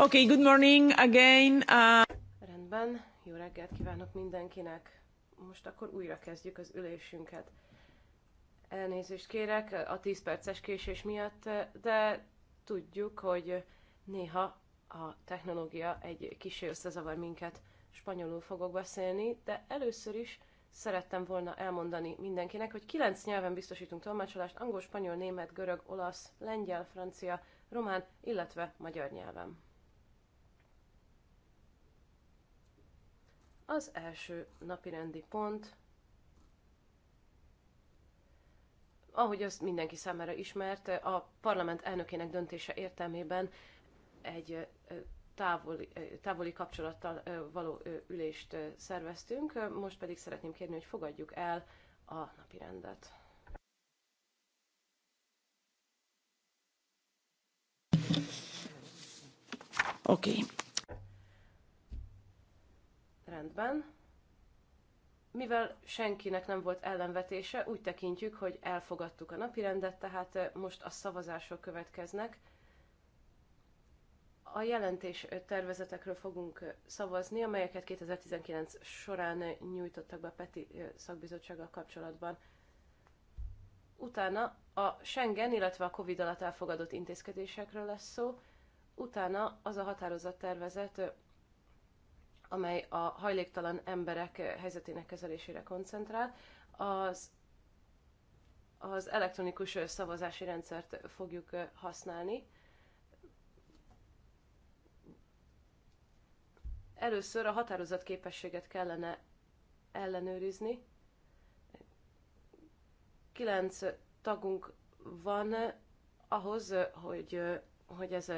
Okay, good morning again. Uh... Rendben, jó reggelt kívánok mindenkinek. Most akkor újra kezdjük az ülésünket. Elnézést kérek a 10 perces késés miatt, de tudjuk, hogy néha a technológia egy kicsi összezavar minket. Spanyolul fogok beszélni, de először is szerettem volna elmondani mindenkinek, hogy kilenc nyelven biztosítunk tolmácsolást, angol, spanyol, német, görög, olasz, lengyel, francia, román, illetve magyar nyelven. Az első napirendi pont, ahogy az mindenki számára ismert, a parlament elnökének döntése értelmében egy távoli, távoli kapcsolattal való ülést szerveztünk, most pedig szeretném kérni, hogy fogadjuk el a napirendet. Oké. Okay. Rendben. Mivel senkinek nem volt ellenvetése, úgy tekintjük, hogy elfogadtuk a napirendet, tehát most a szavazások következnek. A jelentés tervezetekről fogunk szavazni, amelyeket 2019 során nyújtottak be a PETI szakbizottsággal kapcsolatban. Utána a Schengen, illetve a Covid alatt elfogadott intézkedésekről lesz szó, utána az a határozattervezet amely a hajléktalan emberek helyzetének kezelésére koncentrál. Az, az elektronikus szavazási rendszert fogjuk használni. Először a határozat képességet kellene ellenőrizni. Kilenc tagunk van ahhoz, hogy hogy ez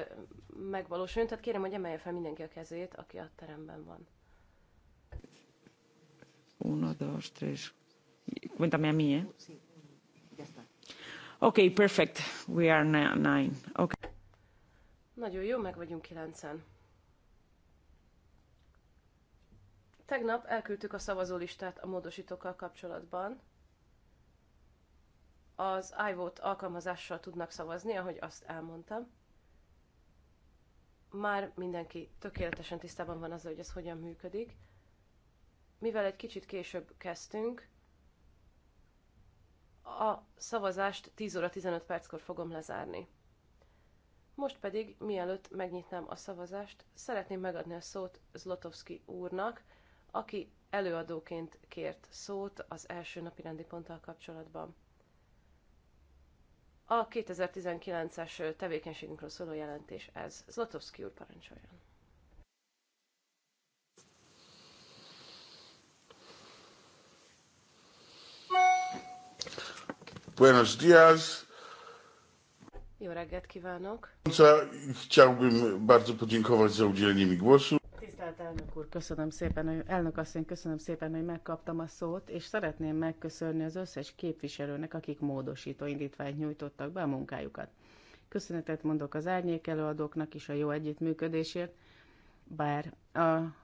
megvalósuljon. Tehát kérem, hogy emelje fel mindenki a kezét, aki a teremben van. Uno, dos, tres. Cuéntame a mí, eh? Okay, perfect. We are nine. Okay. Nagyon jó, meg vagyunk kilencen. Tegnap elküldtük a szavazólistát a módosítókkal kapcsolatban. Az iVote alkalmazással tudnak szavazni, ahogy azt elmondtam már mindenki tökéletesen tisztában van azzal, hogy ez hogyan működik. Mivel egy kicsit később kezdtünk, a szavazást 10 óra 15 perckor fogom lezárni. Most pedig, mielőtt megnyitnám a szavazást, szeretném megadni a szót Zlotowski úrnak, aki előadóként kért szót az első napi rendi ponttal kapcsolatban. A 2019-es tevékenységünkről szóló jelentés ez. Zlotowski úr parancsoljon. Buenos dias. Jó reggelt kívánok! Chciałbym bardzo podziękować za udzielenie mi głosu. Tisztelt elnök úr, köszönöm szépen, hogy, elnök asszony, köszönöm szépen, hogy megkaptam a szót, és szeretném megköszönni az összes képviselőnek, akik módosító indítványt nyújtottak be a munkájukat. Köszönetet mondok az árnyék előadóknak is a jó együttműködésért, bár a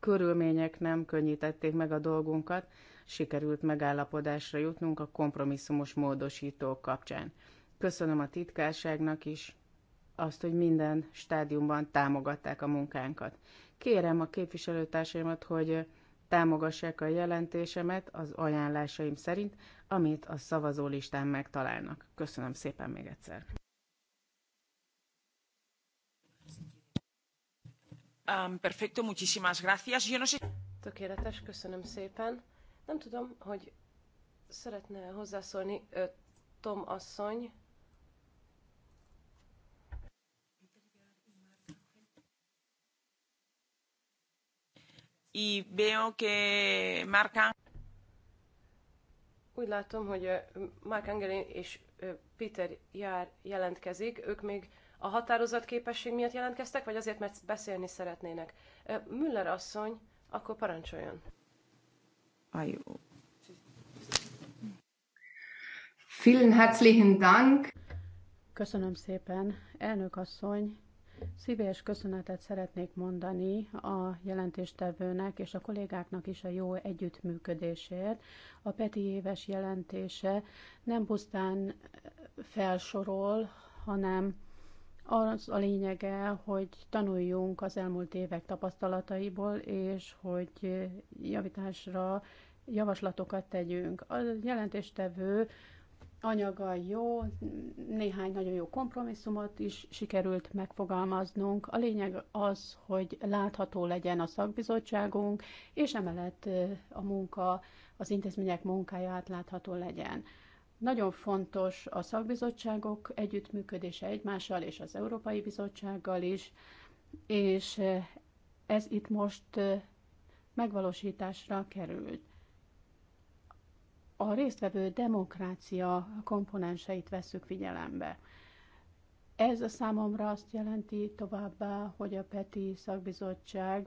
körülmények nem könnyítették meg a dolgunkat, sikerült megállapodásra jutnunk a kompromisszumos módosítók kapcsán. Köszönöm a titkárságnak is, azt, hogy minden stádiumban támogatták a munkánkat. Kérem a képviselőtársaimat, hogy támogassák a jelentésemet az ajánlásaim szerint, amit a szavazólistán megtalálnak. Köszönöm szépen még egyszer. Um, perfecto, muchísimas gracias. Yo no sé... Tökéletes, köszönöm szépen. Nem tudom, hogy szeretne hozzászólni Tom asszony. y veo que Mark Úgy látom, hogy Mark Angelin és Peter Jár jelentkezik. Ők még a határozat képesség miatt jelentkeztek, vagy azért, mert beszélni szeretnének? Müller asszony, akkor parancsoljon. Ajó. Vielen herzlichen Dank. Köszönöm szépen, elnök asszony, Szíves köszönetet szeretnék mondani a jelentéstevőnek és a kollégáknak is a jó együttműködésért. A Peti éves jelentése nem pusztán felsorol, hanem az a lényege, hogy tanuljunk az elmúlt évek tapasztalataiból, és hogy javításra javaslatokat tegyünk. A jelentéstevő anyaga jó, néhány nagyon jó kompromisszumot is sikerült megfogalmaznunk. A lényeg az, hogy látható legyen a szakbizottságunk, és emellett a munka, az intézmények munkája átlátható legyen. Nagyon fontos a szakbizottságok együttműködése egymással és az Európai Bizottsággal is, és ez itt most megvalósításra került a résztvevő demokrácia komponenseit vesszük figyelembe. Ez a számomra azt jelenti továbbá, hogy a PETI szakbizottság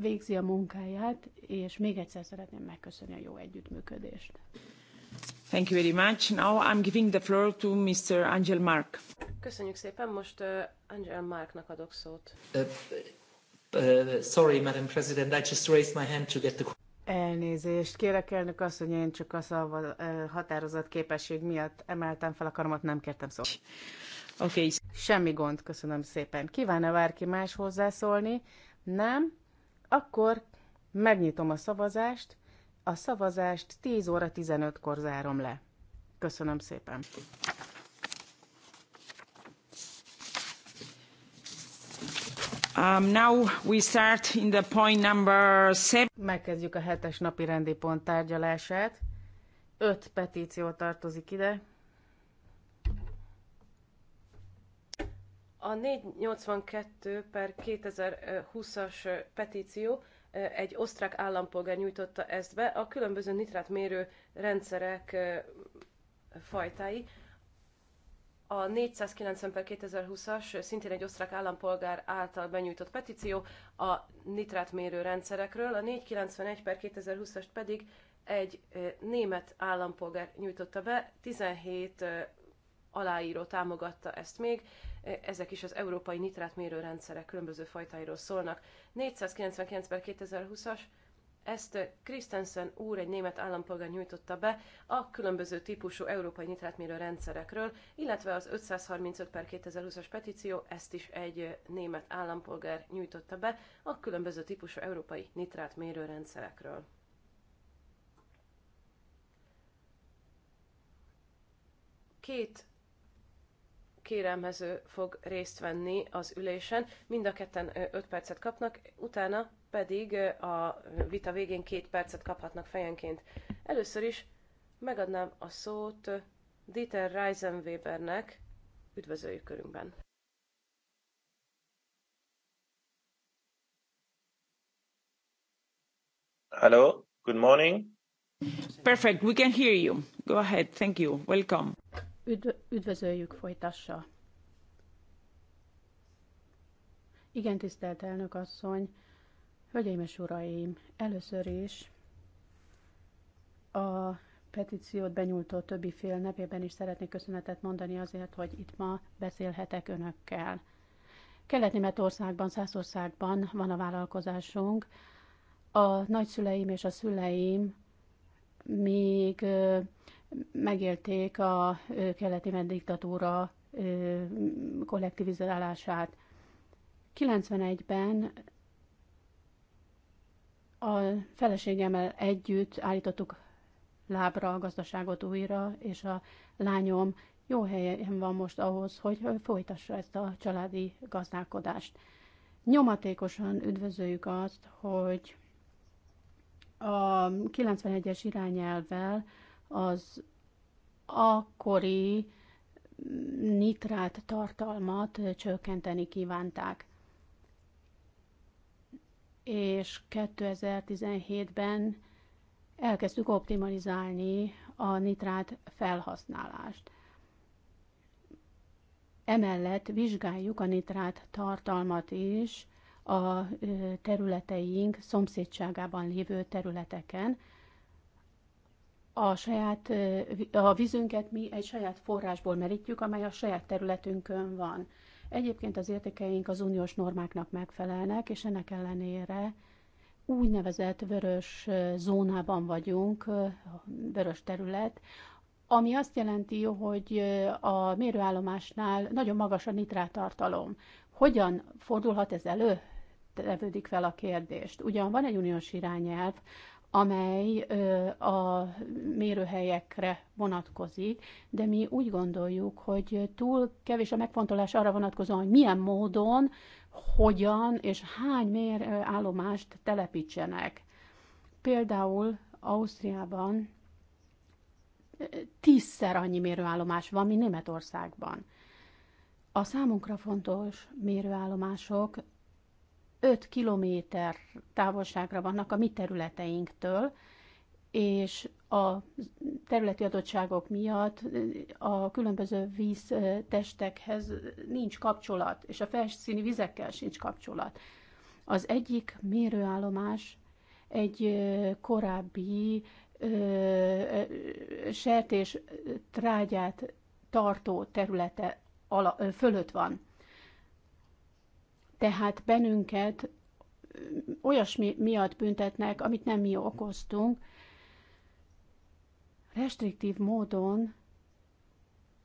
végzi a munkáját, és még egyszer szeretném megköszönni a jó együttműködést. Thank you very much. Now I'm giving the floor to Mr. Angel Mark. Köszönjük szépen, most uh, Angel Marknak adok szót. Uh, uh, sorry, Madam President, I just raised my hand to get the... Elnézést kérek, elnök hogy én csak a szava, határozat képesség miatt emeltem fel a karomat, nem kértem szót. Oké. Okay. Semmi gond, köszönöm szépen. Kívánna -e bárki más hozzászólni? Nem? Akkor megnyitom a szavazást. A szavazást 10 óra 15-kor zárom le. Köszönöm szépen. Um, Megkezdjük a hetes napi rendi pont tárgyalását. Öt petíció tartozik ide. A 482 per 2020-as petíció eh, egy osztrák állampolgár nyújtotta ezt be a különböző nitrátmérő rendszerek eh, fajtái a 490 per 2020-as, szintén egy osztrák állampolgár által benyújtott petíció a nitrátmérő rendszerekről, a 491 per 2020-as pedig egy német állampolgár nyújtotta be, 17 aláíró támogatta ezt még, ezek is az európai nitrátmérő rendszerek különböző fajtáiról szólnak. 499 per 2020-as ezt Christensen úr, egy német állampolgár nyújtotta be a különböző típusú európai nitrátmérő rendszerekről, illetve az 535 per 2020-as petíció, ezt is egy német állampolgár nyújtotta be a különböző típusú európai nitrátmérő rendszerekről. Két kérelmező fog részt venni az ülésen, mind a ketten 5 percet kapnak, utána pedig a vita végén két percet kaphatnak fejenként. Először is megadnám a szót Dieter Reisenwebernek, üdvözöljük körünkben. Hello, good morning. Perfect, we can hear you. Go ahead, thank you, welcome. Üdv- üdvözöljük, folytassa. Igen, tisztelt elnök asszony, Hölgyeim és uraim, először is a petíciót benyújtó többi fél nevében is szeretnék köszönetet mondani azért, hogy itt ma beszélhetek önökkel. Kelet-Németországban, Szászországban van a vállalkozásunk. A nagyszüleim és a szüleim még megélték a keleti diktatúra kollektivizálását. 91-ben a feleségemmel együtt állítottuk lábra a gazdaságot újra, és a lányom jó helyen van most ahhoz, hogy folytassa ezt a családi gazdálkodást. Nyomatékosan üdvözöljük azt, hogy a 91-es irányelvvel az akkori nitrát tartalmat csökkenteni kívánták és 2017-ben elkezdtük optimalizálni a nitrát felhasználást. Emellett vizsgáljuk a nitrát tartalmat is a területeink szomszédságában lévő területeken. A, saját, a vízünket mi egy saját forrásból merítjük, amely a saját területünkön van. Egyébként az értékeink az uniós normáknak megfelelnek, és ennek ellenére úgynevezett vörös zónában vagyunk, vörös terület, ami azt jelenti, hogy a mérőállomásnál nagyon magas a nitrátartalom. Hogyan fordulhat ez elő? tevődik fel a kérdést. Ugyan van egy uniós irányelv, amely a mérőhelyekre vonatkozik, de mi úgy gondoljuk, hogy túl kevés a megfontolás arra vonatkozóan, hogy milyen módon, hogyan és hány mérőállomást telepítsenek. Például Ausztriában tízszer annyi mérőállomás van, mint Németországban. A számunkra fontos mérőállomások 5 kilométer távolságra vannak a mi területeinktől, és a területi adottságok miatt a különböző víztestekhez nincs kapcsolat, és a felszíni vizekkel sincs kapcsolat. Az egyik mérőállomás egy korábbi sertés trágyát tartó területe ala, fölött van. Tehát bennünket olyasmi miatt büntetnek, amit nem mi okoztunk. Restriktív módon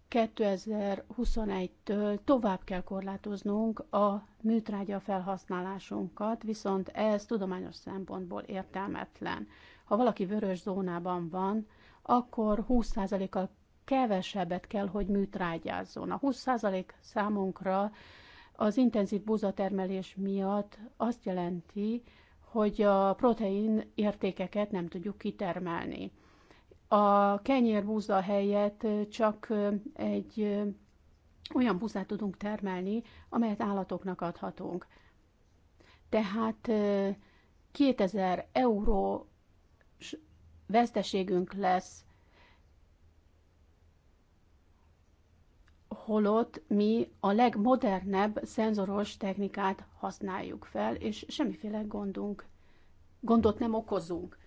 2021-től tovább kell korlátoznunk a műtrágya felhasználásunkat, viszont ez tudományos szempontból értelmetlen. Ha valaki vörös zónában van, akkor 20%-kal kevesebbet kell, hogy műtrágyázzon. A 20% számunkra az intenzív búzatermelés miatt azt jelenti, hogy a protein értékeket nem tudjuk kitermelni. A kenyérbúza helyett csak egy olyan búzát tudunk termelni, amelyet állatoknak adhatunk. Tehát 2000 euró veszteségünk lesz holott mi a legmodernebb szenzoros technikát használjuk fel, és semmiféle gondunk, gondot nem okozunk.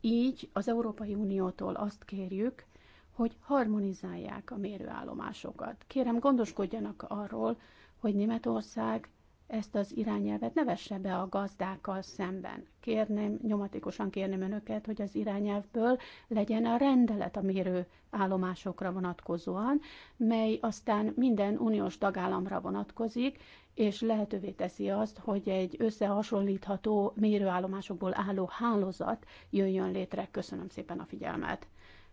Így az Európai Uniótól azt kérjük, hogy harmonizálják a mérőállomásokat. Kérem, gondoskodjanak arról, hogy Németország ezt az irányelvet ne vesse be a gazdákkal szemben. Kérném, nyomatikusan kérném önöket, hogy az irányelvből legyen a rendelet a mérő állomásokra vonatkozóan, mely aztán minden uniós tagállamra vonatkozik, és lehetővé teszi azt, hogy egy összehasonlítható mérőállomásokból álló hálózat jöjjön létre. Köszönöm szépen a figyelmet.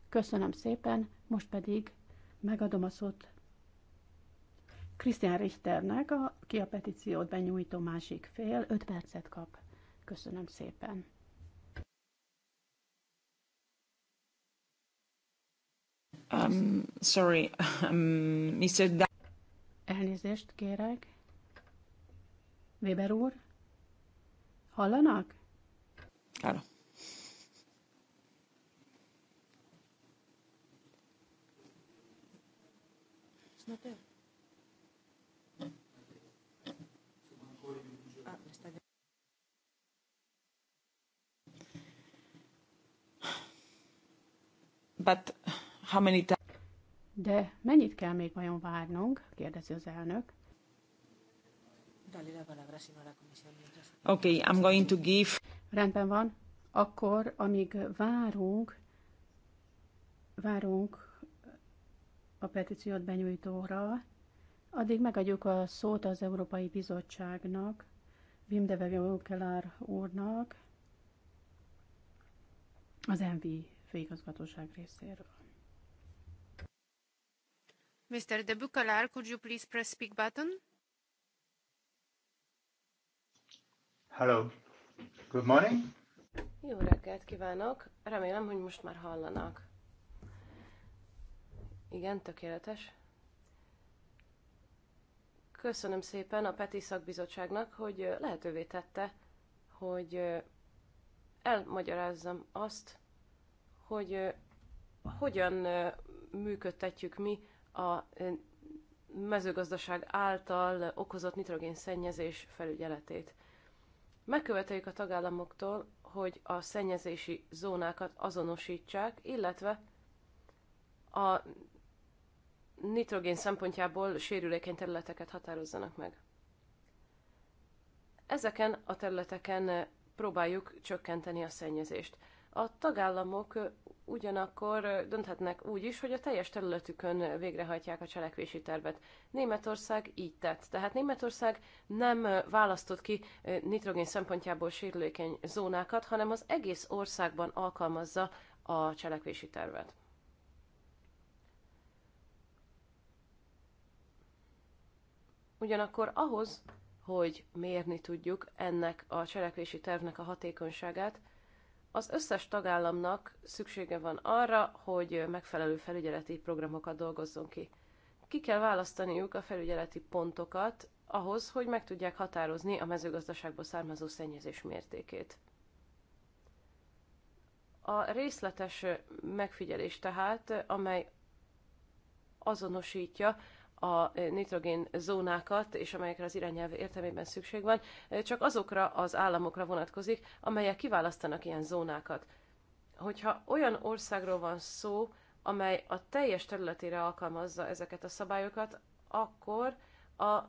Köszönöm szépen, most pedig megadom a szót Krisztián Richternek, aki a petíciót benyújtó másik fél, 5 percet kap. Köszönöm szépen. Um, sorry, um, Mr. Da- Elnézést kérek. Weber úr? Hallanak? Hello. not there. But how many De mennyit kell még vajon várnunk? kérdezi az elnök. Okay, I'm going to give... Rendben van. Akkor, amíg várunk, várunk a petíciót benyújtóra, addig megadjuk a szót az Európai Bizottságnak, Wim de Wegeler úrnak, az MV főigazgatóság részéről. Mr. De Bucalar, could you please press speak button? Hello. Good morning. Jó reggelt kívánok. Remélem, hogy most már hallanak. Igen, tökéletes. Köszönöm szépen a Peti Szakbizottságnak, hogy lehetővé tette, hogy elmagyarázzam azt, hogy hogyan működtetjük mi a mezőgazdaság által okozott nitrogén szennyezés felügyeletét. Megköveteljük a tagállamoktól, hogy a szennyezési zónákat azonosítsák, illetve a nitrogén szempontjából sérülékeny területeket határozzanak meg. Ezeken a területeken próbáljuk csökkenteni a szennyezést. A tagállamok ugyanakkor dönthetnek úgy is, hogy a teljes területükön végrehajtják a cselekvési tervet. Németország így tett. Tehát Németország nem választott ki nitrogén szempontjából sérülékeny zónákat, hanem az egész országban alkalmazza a cselekvési tervet. Ugyanakkor ahhoz, hogy mérni tudjuk ennek a cselekvési tervnek a hatékonyságát, az összes tagállamnak szüksége van arra, hogy megfelelő felügyeleti programokat dolgozzon ki. Ki kell választaniuk a felügyeleti pontokat ahhoz, hogy meg tudják határozni a mezőgazdaságból származó szennyezés mértékét. A részletes megfigyelés tehát, amely azonosítja a nitrogén zónákat, és amelyekre az irányelv értelmében szükség van, csak azokra az államokra vonatkozik, amelyek kiválasztanak ilyen zónákat. Hogyha olyan országról van szó, amely a teljes területére alkalmazza ezeket a szabályokat, akkor a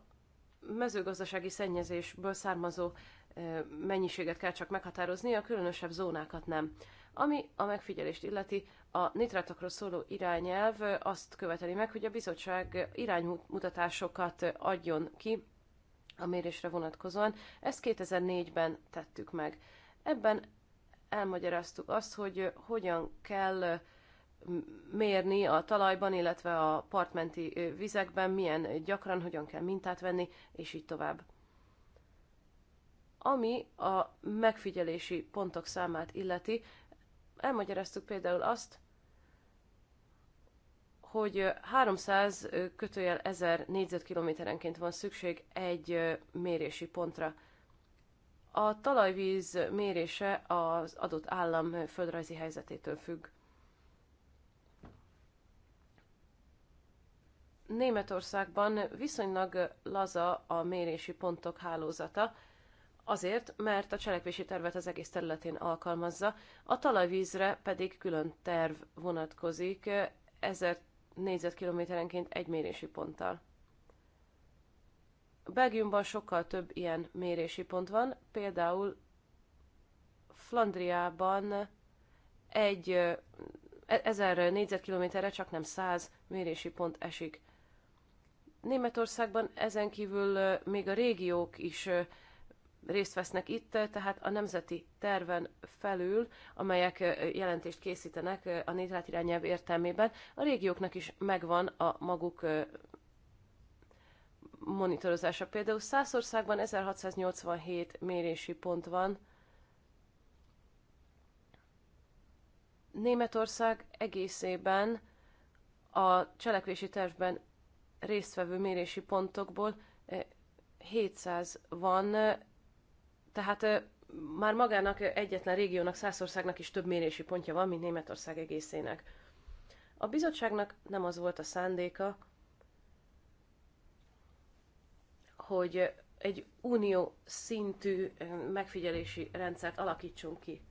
mezőgazdasági szennyezésből származó mennyiséget kell csak meghatározni, a különösebb zónákat nem. Ami a megfigyelést illeti, a nitrátokról szóló irányelv azt követeli meg, hogy a bizottság iránymutatásokat adjon ki a mérésre vonatkozóan. Ezt 2004-ben tettük meg. Ebben elmagyaráztuk azt, hogy hogyan kell mérni a talajban, illetve a partmenti vizekben, milyen gyakran, hogyan kell mintát venni, és így tovább. Ami a megfigyelési pontok számát illeti, elmagyaráztuk például azt, hogy 300 kötőjel 1000 négyzetkilométerenként van szükség egy mérési pontra. A talajvíz mérése az adott állam földrajzi helyzetétől függ. Németországban viszonylag laza a mérési pontok hálózata, Azért, mert a cselekvési tervet az egész területén alkalmazza, a talajvízre pedig külön terv vonatkozik 1000 négyzetkilométerenként egy mérési ponttal. Belgiumban sokkal több ilyen mérési pont van, például Flandriában egy 1000 e-, négyzetkilométerre csak nem 100 mérési pont esik. Németországban ezen kívül még a régiók is részt vesznek itt, tehát a nemzeti terven felül, amelyek jelentést készítenek a nitrát irányelv értelmében, a régióknak is megvan a maguk monitorozása. Például Szászországban 1687 mérési pont van, Németország egészében a cselekvési tervben résztvevő mérési pontokból 700 van tehát már magának egyetlen régiónak, Szászországnak is több mérési pontja van, mint Németország egészének. A bizottságnak nem az volt a szándéka, hogy egy unió szintű megfigyelési rendszert alakítsunk ki.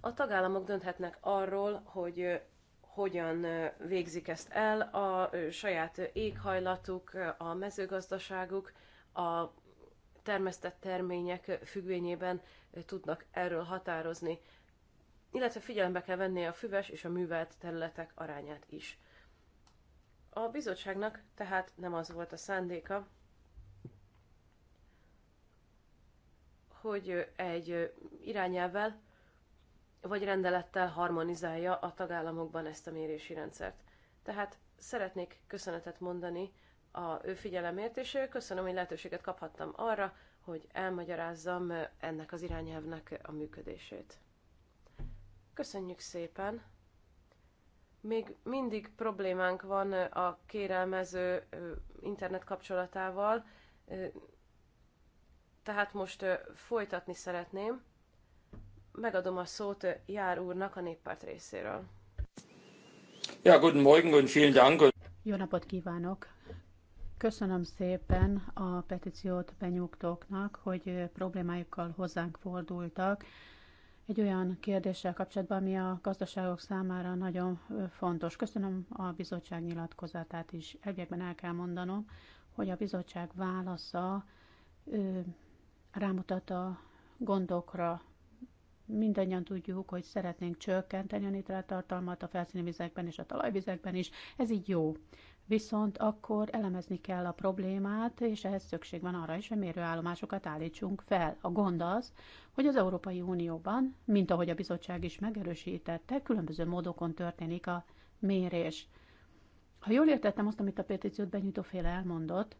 A tagállamok dönthetnek arról, hogy hogyan végzik ezt el a saját éghajlatuk, a mezőgazdaságuk, a termesztett termények függvényében tudnak erről határozni, illetve figyelembe kell venni a füves és a művelt területek arányát is. A bizottságnak tehát nem az volt a szándéka, hogy egy irányelvel vagy rendelettel harmonizálja a tagállamokban ezt a mérési rendszert. Tehát szeretnék köszönetet mondani a figyelemért, és köszönöm, hogy lehetőséget kaphattam arra, hogy elmagyarázzam ennek az irányelvnek a működését. Köszönjük szépen! Még mindig problémánk van a kérelmező internet kapcsolatával, tehát most folytatni szeretném. Megadom a szót Jár úrnak a néppárt részéről. Ja, guten Morgen und vielen Dank. Jó napot kívánok! Köszönöm szépen a petíciót benyújtóknak, hogy problémájukkal hozzánk fordultak. Egy olyan kérdéssel kapcsolatban, ami a gazdaságok számára nagyon fontos. Köszönöm a bizottság nyilatkozatát is. Elviekben el kell mondanom, hogy a bizottság válasza rámutat a gondokra. Mindannyian tudjuk, hogy szeretnénk csökkenteni a nitrát tartalmat a felszíni vizekben és a talajvizekben is. Ez így jó viszont akkor elemezni kell a problémát, és ehhez szükség van arra is, hogy mérőállomásokat állítsunk fel. A gond az, hogy az Európai Unióban, mint ahogy a bizottság is megerősítette, különböző módokon történik a mérés. Ha jól értettem azt, amit a petíciót benyújtó féle elmondott,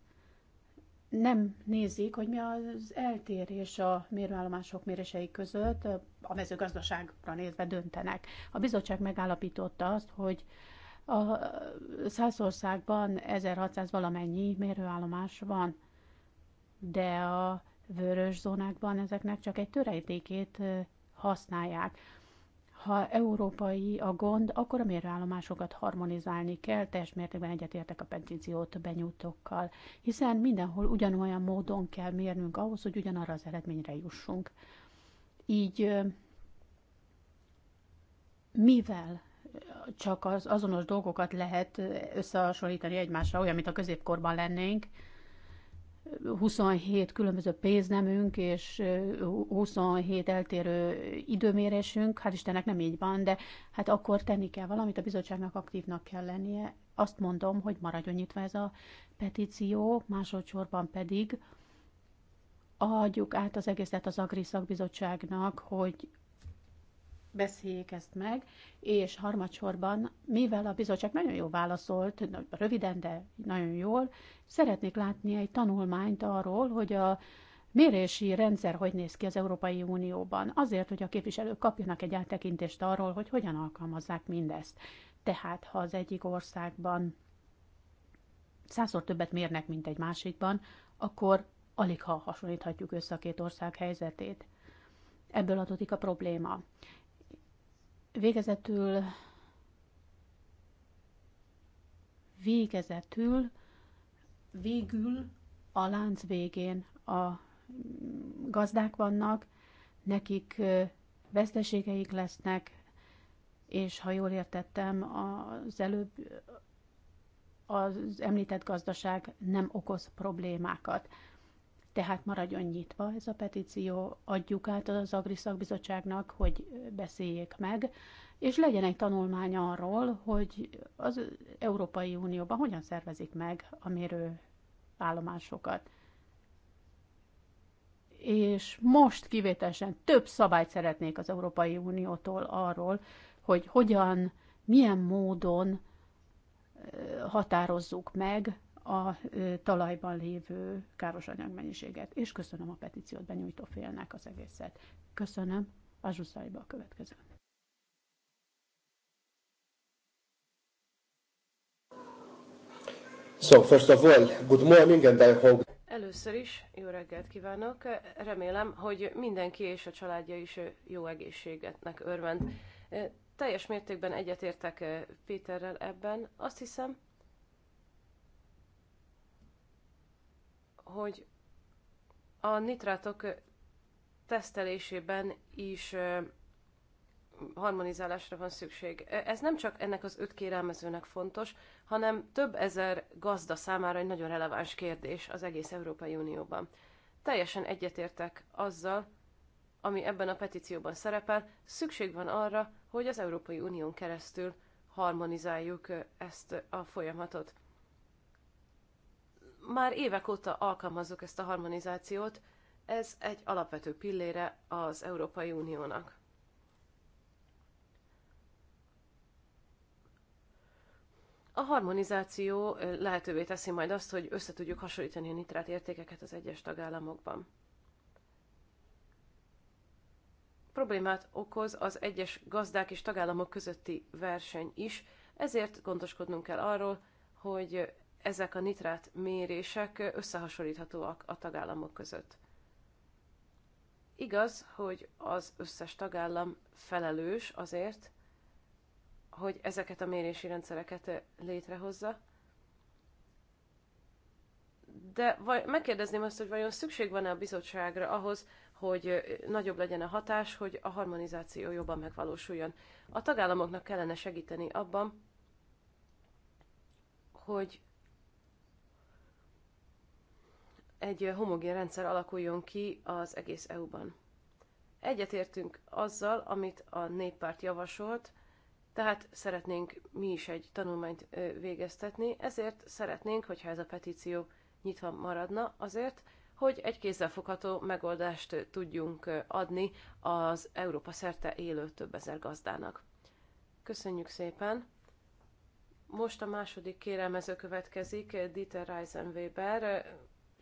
nem nézik, hogy mi az eltérés a mérőállomások mérései között, a mezőgazdaságra nézve döntenek. A bizottság megállapította azt, hogy a Szászországban 1600 valamennyi mérőállomás van, de a vörös zónákban ezeknek csak egy töredékét használják. Ha európai a gond, akkor a mérőállomásokat harmonizálni kell, teljes mértékben egyetértek a petíciót benyújtókkal, hiszen mindenhol ugyanolyan módon kell mérnünk ahhoz, hogy ugyanarra az eredményre jussunk. Így mivel csak az azonos dolgokat lehet összehasonlítani egymásra, olyan, mint a középkorban lennénk. 27 különböző pénznemünk és 27 eltérő időmérésünk, hát Istennek nem így van, de hát akkor tenni kell valamit, a bizottságnak aktívnak kell lennie. Azt mondom, hogy maradjon nyitva ez a petíció, másodszorban pedig adjuk át az egészet az Agri Szakbizottságnak, hogy beszéljék ezt meg, és harmadsorban, mivel a bizottság nagyon jól válaszolt, röviden, de nagyon jól, szeretnék látni egy tanulmányt arról, hogy a mérési rendszer hogy néz ki az Európai Unióban, azért, hogy a képviselők kapjanak egy áttekintést arról, hogy hogyan alkalmazzák mindezt. Tehát, ha az egyik országban százszor többet mérnek, mint egy másikban, akkor alig ha hasonlíthatjuk össze a két ország helyzetét. Ebből adódik a probléma. Végezetül végezetül, végül a lánc végén a gazdák vannak, nekik veszteségeik lesznek, és ha jól értettem, az előbb az említett gazdaság nem okoz problémákat. Tehát maradjon nyitva ez a petíció, adjuk át az Agri Szakbizottságnak, hogy beszéljék meg, és legyen egy tanulmány arról, hogy az Európai Unióban hogyan szervezik meg a mérő állomásokat. És most kivételesen több szabályt szeretnék az Európai Uniótól arról, hogy hogyan, milyen módon határozzuk meg a talajban lévő káros anyagmennyiséget. És köszönöm a petíciót benyújtó félnek az egészet. Köszönöm. zsuszaiba a következő. So, first of all, good morning and I hope... Először is jó reggelt kívánok. Remélem, hogy mindenki és a családja is jó egészségetnek örvend. Teljes mértékben egyetértek Péterrel ebben. Azt hiszem, hogy a nitrátok tesztelésében is harmonizálásra van szükség. E, ez nem csak ennek az öt kérelmezőnek fontos, hanem több ezer gazda számára egy nagyon releváns kérdés az egész Európai Unióban. Teljesen egyetértek azzal, ami ebben a petícióban szerepel, szükség van arra, hogy az Európai Unión keresztül harmonizáljuk ezt a folyamatot. Már évek óta alkalmazzuk ezt a harmonizációt, ez egy alapvető pillére az Európai Uniónak. A harmonizáció lehetővé teszi majd azt, hogy összetudjuk hasonlítani a nitrát értékeket az egyes tagállamokban. Problémát okoz az egyes gazdák és tagállamok közötti verseny is, ezért gondoskodnunk kell arról, hogy ezek a nitrát mérések összehasonlíthatóak a tagállamok között. Igaz, hogy az összes tagállam felelős azért, hogy ezeket a mérési rendszereket létrehozza, de vaj, megkérdezném azt, hogy vajon szükség van-e a bizottságra ahhoz, hogy nagyobb legyen a hatás, hogy a harmonizáció jobban megvalósuljon. A tagállamoknak kellene segíteni abban, hogy egy homogén rendszer alakuljon ki az egész EU-ban. Egyetértünk azzal, amit a néppárt javasolt, tehát szeretnénk mi is egy tanulmányt végeztetni, ezért szeretnénk, hogyha ez a petíció nyitva maradna, azért, hogy egy kézzelfogható megoldást tudjunk adni az Európa szerte élő több ezer gazdának. Köszönjük szépen! Most a második kérelmező következik, Dieter Reisenweber,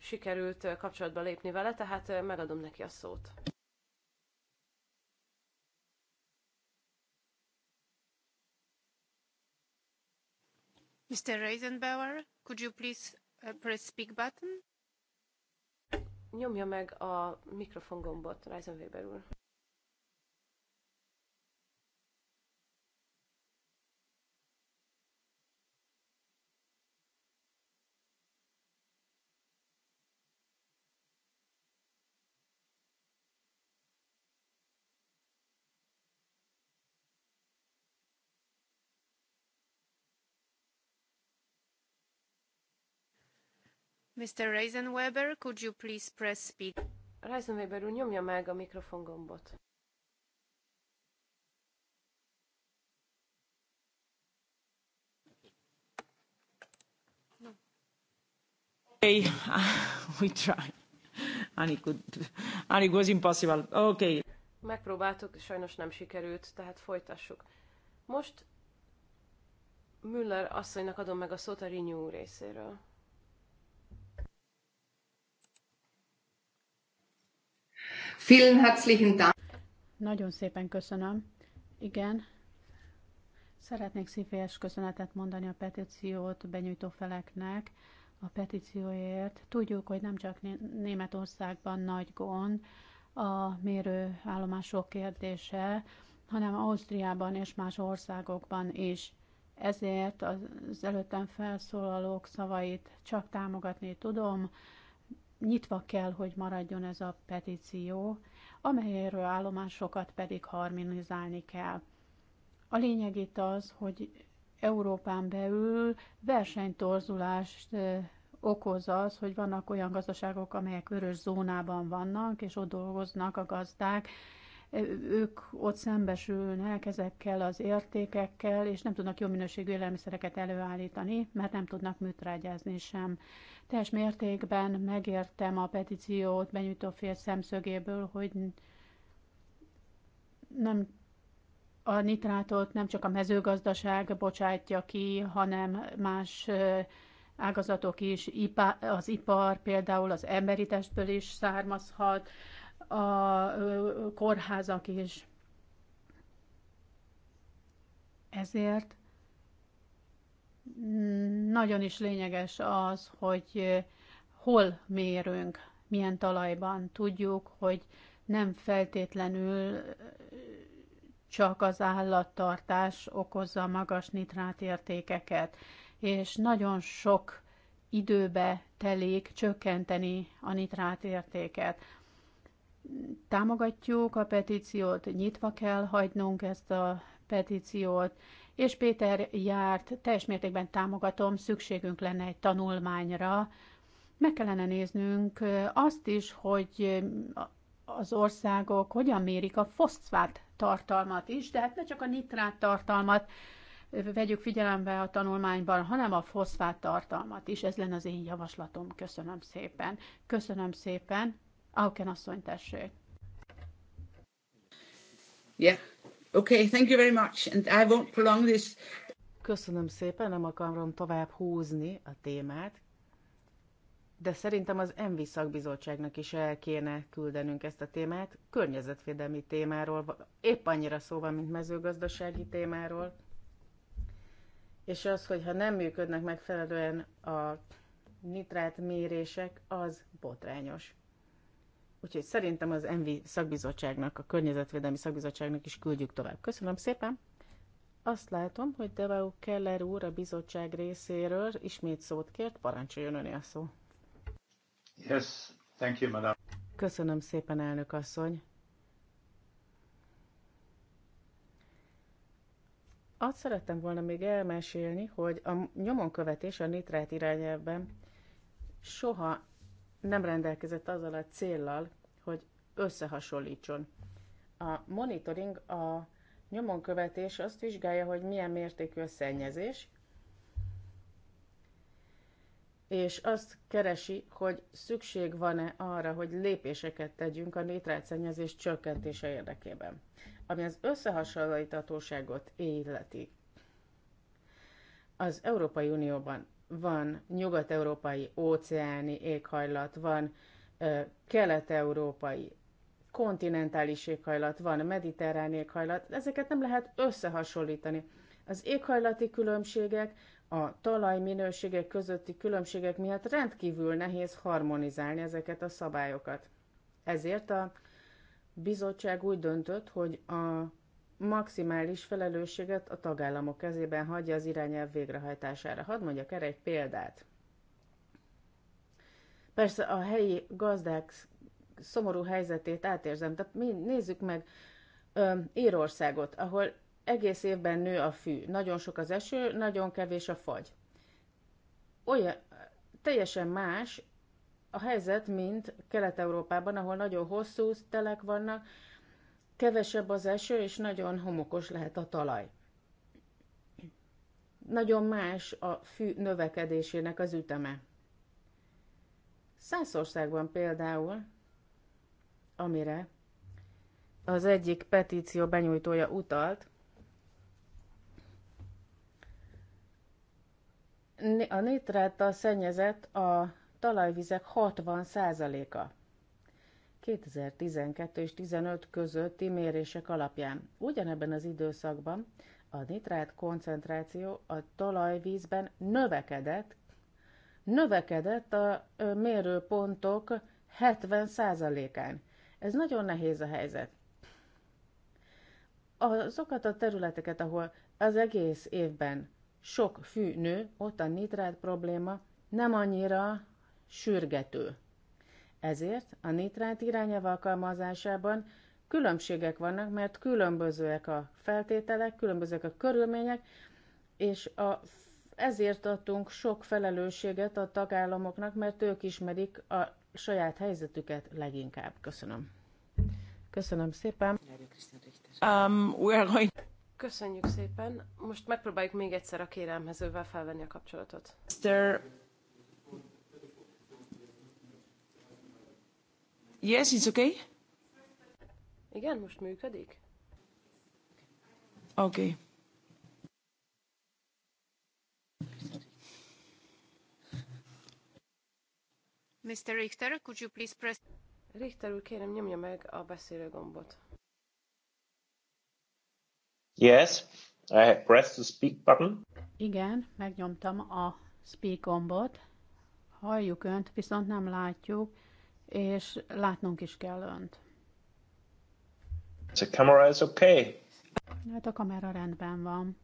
sikerült kapcsolatba lépni vele, tehát megadom neki a szót. Mr. Reisenbauer, could you please uh, press speak button? Nyomja meg a mikrofon gombot, Reisenbauer úr. Mr. Reisenweber, could you please press speak? Reisenweber úr, nyomja meg a mikrofon gombot. Okay, we try, And it, could, and it was impossible. Okay. Megpróbáltuk, sajnos nem sikerült, tehát folytassuk. Most Müller asszonynak adom meg a szót a Renew részéről. Vielen herzlichen Dank. Nagyon szépen köszönöm. Igen. Szeretnék szívélyes köszönetet mondani a petíciót benyújtó feleknek a petícióért. Tudjuk, hogy nem csak Németországban nagy gond a mérőállomások kérdése, hanem Ausztriában és más országokban is. Ezért az előttem felszólalók szavait csak támogatni tudom nyitva kell, hogy maradjon ez a petíció, amelyről állomásokat pedig harmonizálni kell. A lényeg itt az, hogy Európán belül versenytorzulást okoz az, hogy vannak olyan gazdaságok, amelyek vörös zónában vannak, és ott dolgoznak a gazdák, ők ott szembesülnek ezekkel az értékekkel, és nem tudnak jó minőségű élelmiszereket előállítani, mert nem tudnak műtrágyázni sem. Teljes mértékben megértem a petíciót benyújtó fél szemszögéből, hogy nem a nitrátot nem csak a mezőgazdaság bocsátja ki, hanem más ágazatok is, az ipar például az emberi testből is származhat, a kórházak is. Ezért nagyon is lényeges az, hogy hol mérünk, milyen talajban. Tudjuk, hogy nem feltétlenül csak az állattartás okozza magas nitrátértékeket, és nagyon sok időbe telik csökkenteni a nitrátértéket támogatjuk a petíciót, nyitva kell hagynunk ezt a petíciót, és Péter járt, teljes mértékben támogatom, szükségünk lenne egy tanulmányra, meg kellene néznünk azt is, hogy az országok hogyan mérik a foszfát tartalmat is, de hát ne csak a nitrát tartalmat vegyük figyelembe a tanulmányban, hanem a foszfát tartalmat is. Ez lenne az én javaslatom. Köszönöm szépen. Köszönöm szépen. Auken asszony, tessék. Yeah. Okay, thank you very much, and I won't prolong this. Köszönöm szépen, nem akarom tovább húzni a témát, de szerintem az ENVI szakbizottságnak is el kéne küldenünk ezt a témát. Környezetvédelmi témáról, épp annyira szó van, mint mezőgazdasági témáról. És az, hogyha nem működnek megfelelően a nitrát mérések, az botrányos. Úgyhogy szerintem az ENVI szakbizottságnak, a környezetvédelmi szakbizottságnak is küldjük tovább. Köszönöm szépen! Azt látom, hogy Deváó Keller úr a bizottság részéről ismét szót kért, parancsoljon öné a szó. Yes, thank you, madam. Köszönöm szépen, elnök asszony. Azt szerettem volna még elmesélni, hogy a nyomonkövetés a nitrát irányelvben soha nem rendelkezett azzal a céllal, hogy összehasonlítson. A monitoring, a nyomonkövetés azt vizsgálja, hogy milyen mértékű a szennyezés, és azt keresi, hogy szükség van-e arra, hogy lépéseket tegyünk a nitrátszennyezés csökkentése érdekében, ami az összehasonlítatóságot illeti. Az Európai Unióban van nyugat-európai óceáni éghajlat, van kelet-európai kontinentális éghajlat, van mediterrán éghajlat, ezeket nem lehet összehasonlítani. Az éghajlati különbségek, a talajminőségek közötti különbségek miatt rendkívül nehéz harmonizálni ezeket a szabályokat. Ezért a bizottság úgy döntött, hogy a maximális felelősséget a tagállamok kezében hagyja az irányelv végrehajtására. Hadd mondjak erre egy példát. Persze a helyi gazdák szomorú helyzetét átérzem, de mi nézzük meg ö, Írországot, ahol egész évben nő a fű, nagyon sok az eső, nagyon kevés a fagy. Olyan, teljesen más a helyzet, mint Kelet-Európában, ahol nagyon hosszú telek vannak, Kevesebb az eső, és nagyon homokos lehet a talaj. Nagyon más a fű növekedésének az üteme. Szászországban például, amire az egyik petíció benyújtója utalt, a nitrát a szennyezett a talajvizek 60%-a. 2012 és 15 közötti mérések alapján. Ugyanebben az időszakban a nitrát koncentráció a talajvízben növekedett, növekedett a mérőpontok 70%-án. Ez nagyon nehéz a helyzet. Azokat a területeket, ahol az egész évben sok fű nő, ott a nitrát probléma nem annyira sürgető. Ezért a nitrát irányelv alkalmazásában különbségek vannak, mert különbözőek a feltételek, különbözőek a körülmények, és a, ezért adtunk sok felelősséget a tagállamoknak, mert ők ismerik a saját helyzetüket leginkább. Köszönöm. Köszönöm szépen. Um, going... Köszönjük szépen. Most megpróbáljuk még egyszer a kérelmezővel felvenni a kapcsolatot. There... Yes, it's okay? Igen, most működik. Oké. Okay. Mr. Richter, could you please press... Richter úr, kérem, nyomja meg a beszélő gombot. Yes, I pressed the speak button. Igen, megnyomtam a speak gombot. Halljuk önt, viszont nem látjuk és látnunk is kell önt. The camera is okay. Hát a kamera rendben van.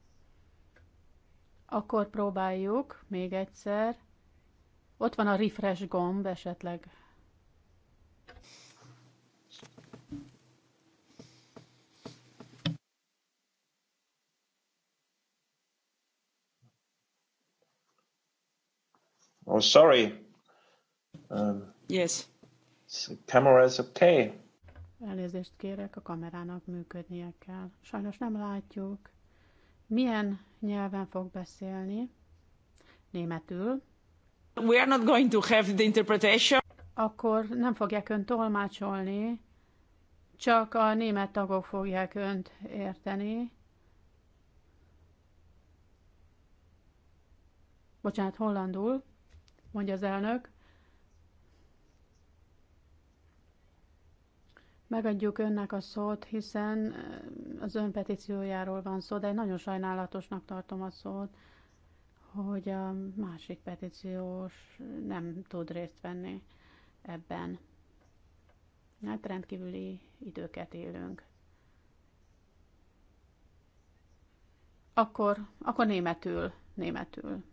Akkor próbáljuk még egyszer. Ott van a refresh gomb esetleg. Oh, sorry. Um, yes. So camera is okay. Elnézést kérek, a kamerának működnie kell. Sajnos nem látjuk. Milyen nyelven fog beszélni? Németül. We are not going to have the interpretation. Akkor nem fogják ön tolmácsolni, csak a német tagok fogják önt érteni. Bocsánat, hollandul, mondja az elnök. Megadjuk önnek a szót, hiszen az ön petíciójáról van szó, de én nagyon sajnálatosnak tartom a szót, hogy a másik petíciós nem tud részt venni ebben. Hát rendkívüli időket élünk. Akkor, akkor németül, németül.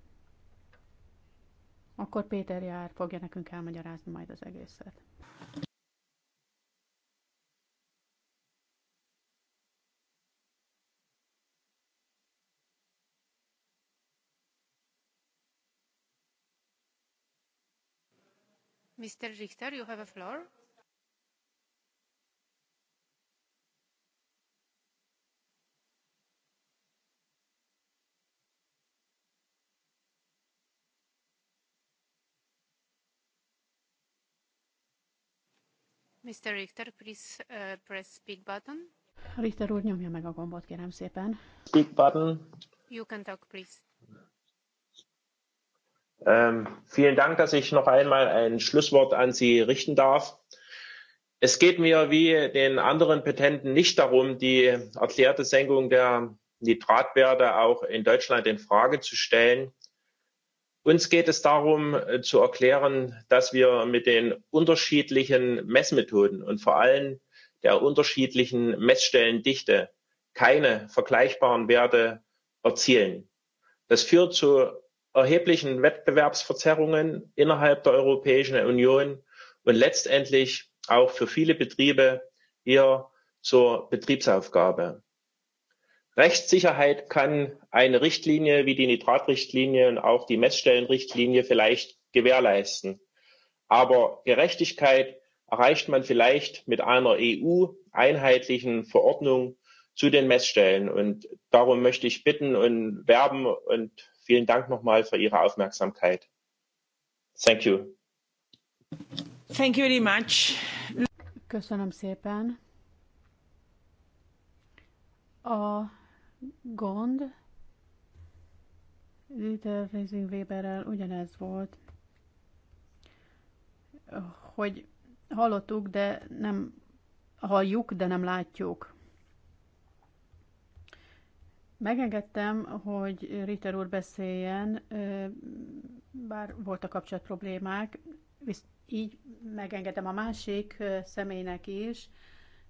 Akkor Péter Jár fogja nekünk elmagyarázni majd az egészet. Mr. Richter, you have a floor. Mr. Richter, please uh, press speak button. Richter úr, nyomja meg a gombot, kérem szépen. Speak button. You can talk, please. Ähm, vielen Dank, dass ich noch einmal ein Schlusswort an Sie richten darf. Es geht mir wie den anderen Petenten nicht darum, die erklärte Senkung der Nitratwerte auch in Deutschland in Frage zu stellen. Uns geht es darum äh, zu erklären, dass wir mit den unterschiedlichen Messmethoden und vor allem der unterschiedlichen Messstellendichte keine vergleichbaren Werte erzielen. Das führt zu erheblichen Wettbewerbsverzerrungen innerhalb der Europäischen Union und letztendlich auch für viele Betriebe hier zur Betriebsaufgabe. Rechtssicherheit kann eine Richtlinie wie die Nitratrichtlinie und auch die Messstellenrichtlinie vielleicht gewährleisten. Aber Gerechtigkeit erreicht man vielleicht mit einer EU einheitlichen Verordnung zu den Messstellen. Und darum möchte ich bitten und werben und Vielen Dank nochmal für Ihre Aufmerksamkeit. Thank you. Thank you very much. Köszönöm szépen. A gond Dieter Rising Weberrel ugyanez volt, hogy hallottuk, de nem halljuk, de nem látjuk. Megengedtem, hogy Ritter úr beszéljen, bár voltak kapcsolat problémák, viszont így megengedem a másik személynek is,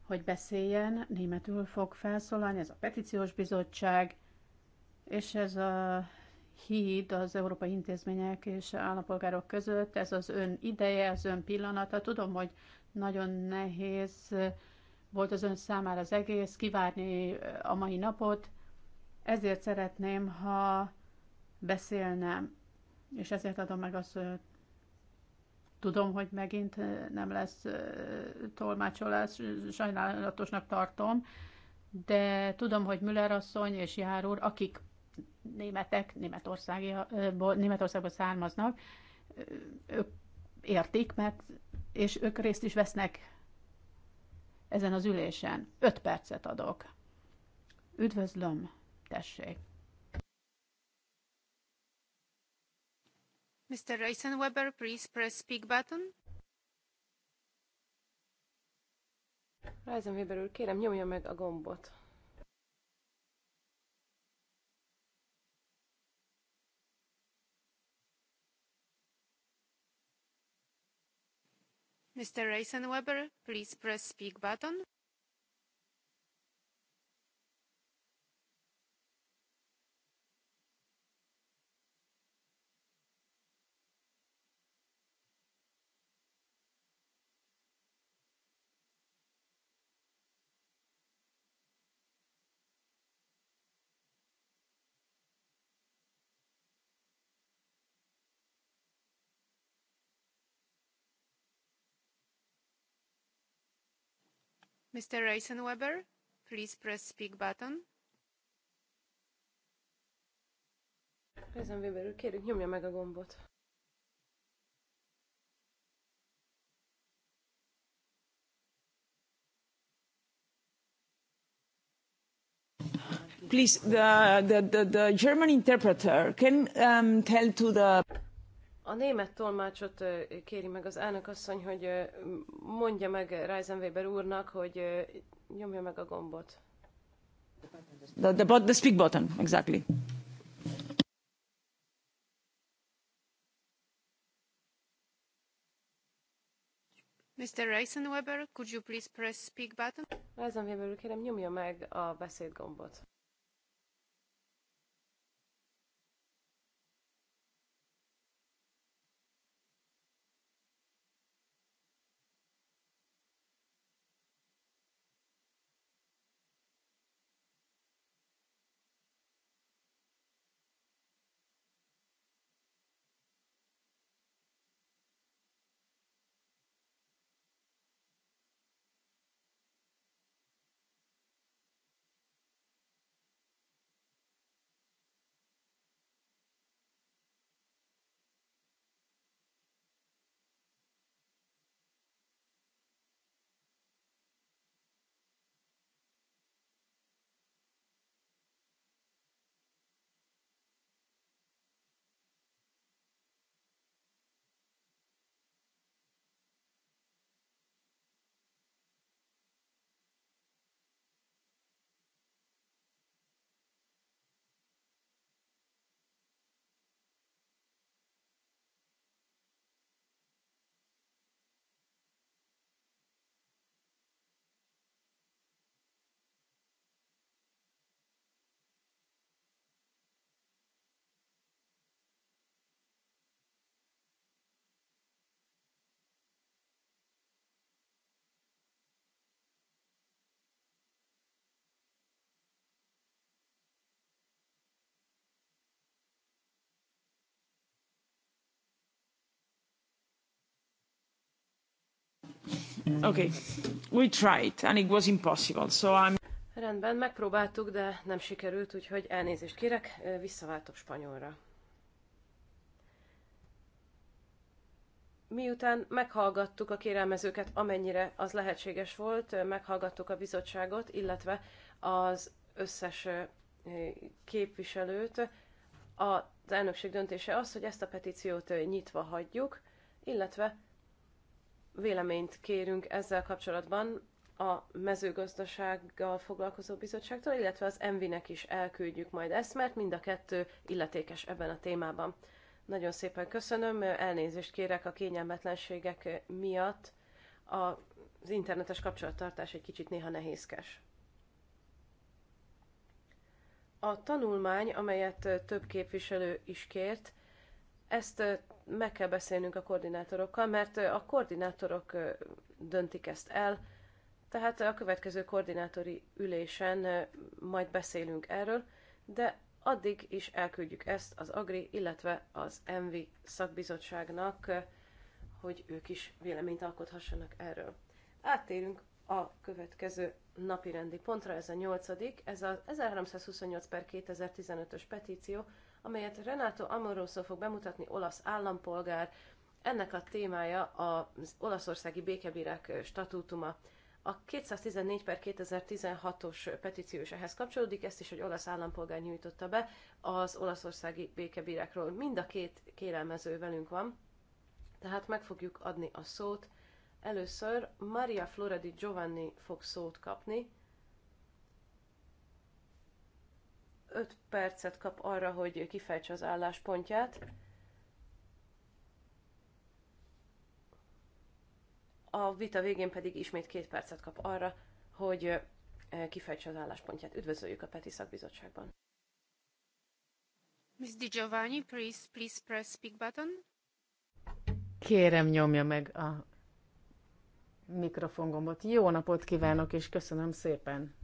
hogy beszéljen, németül fog felszólalni, ez a petíciós bizottság, és ez a híd az európai intézmények és állampolgárok között, ez az ön ideje, az ön pillanata. Tudom, hogy nagyon nehéz volt az ön számára az egész, kivárni a mai napot, ezért szeretném, ha beszélnem, és ezért adom meg azt, tudom, hogy megint nem lesz tolmácsolás, sajnálatosnak tartom, de tudom, hogy Müller asszony és Jár úr, akik németek, Németországból, Németországból származnak, ők értik, mert, és ők részt is vesznek ezen az ülésen. Öt percet adok. Üdvözlöm Tessék. Mr. Reisenweber, please press speak button. Reisenweber úr, kérem nyomja meg a gombot. Mr. Reisenweber, please press speak button. Mr. Reisenweber, please press speak button. Reisenweber úr, kérjük, nyomja meg a gombot. Please, the, the, the, the German interpreter can um, tell to the... A német tolmácsot kéri meg az elnökasszony, hogy mondja meg Reisenweber úrnak, hogy nyomja meg a gombot. The, the, the speak button, exactly. Mr. Reisenweber, could you please press speak button? Reisenweber, kérem nyomja meg a beszédgombot. Okay, we tried, and it was impossible, so I'm... Rendben, megpróbáltuk, de nem sikerült, úgyhogy elnézést kérek, visszaváltok spanyolra. Miután meghallgattuk a kérelmezőket, amennyire az lehetséges volt, meghallgattuk a bizottságot, illetve az összes képviselőt, az elnökség döntése az, hogy ezt a petíciót nyitva hagyjuk, illetve véleményt kérünk ezzel kapcsolatban a mezőgazdasággal foglalkozó bizottságtól, illetve az Envinek is elküldjük majd ezt, mert mind a kettő illetékes ebben a témában. Nagyon szépen köszönöm, elnézést kérek a kényelmetlenségek miatt. Az internetes kapcsolattartás egy kicsit néha nehézkes. A tanulmány, amelyet több képviselő is kért, ezt meg kell beszélnünk a koordinátorokkal, mert a koordinátorok döntik ezt el, tehát a következő koordinátori ülésen majd beszélünk erről, de addig is elküldjük ezt az AGRI, illetve az ENVI szakbizottságnak, hogy ők is véleményt alkothassanak erről. Áttérünk a következő napi rendi pontra, ez a nyolcadik, ez a 1328 per 2015-ös petíció, amelyet Renato Amoroso fog bemutatni, olasz állampolgár. Ennek a témája az olaszországi békebírák statútuma. A 214 per 2016-os petíció is ehhez kapcsolódik, ezt is egy olasz állampolgár nyújtotta be az olaszországi békebírákról. Mind a két kérelmező velünk van, tehát meg fogjuk adni a szót. Először Maria Floredi Giovanni fog szót kapni, 5 percet kap arra, hogy kifejtse az álláspontját. A vita végén pedig ismét két percet kap arra, hogy kifejtse az álláspontját. Üdvözöljük a Peti Szakbizottságban. Ms. Di Giovanni, please, please press speak button. Kérem, nyomja meg a gombot. Jó napot kívánok, és köszönöm szépen!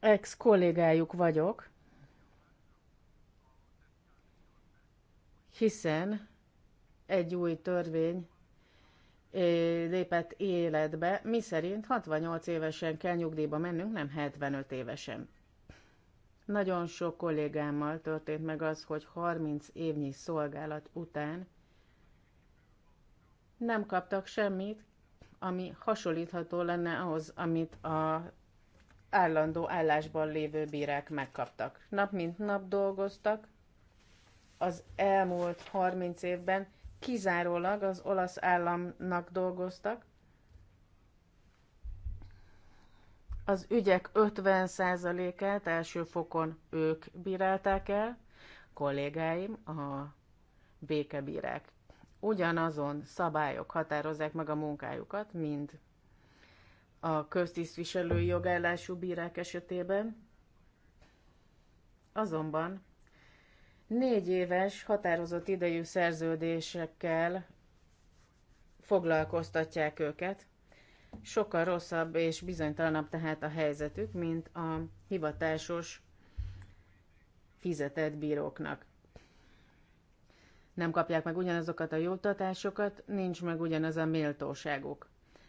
ex kollégájuk vagyok, hiszen egy új törvény lépett életbe, mi szerint 68 évesen kell nyugdíjba mennünk, nem 75 évesen. Nagyon sok kollégámmal történt meg az, hogy 30 évnyi szolgálat után nem kaptak semmit, ami hasonlítható lenne ahhoz, amit a állandó állásban lévő bírák megkaptak. Nap mint nap dolgoztak az elmúlt 30 évben, kizárólag az olasz államnak dolgoztak. Az ügyek 50%-át első fokon ők bírálták el, kollégáim, a békebírák. Ugyanazon szabályok határozzák meg a munkájukat, mint a köztisztviselői jogállású bírák esetében. Azonban négy éves határozott idejű szerződésekkel foglalkoztatják őket. Sokkal rosszabb és bizonytalanabb tehát a helyzetük, mint a hivatásos fizetett bíróknak. Nem kapják meg ugyanazokat a juttatásokat, nincs meg ugyanaz a méltóságuk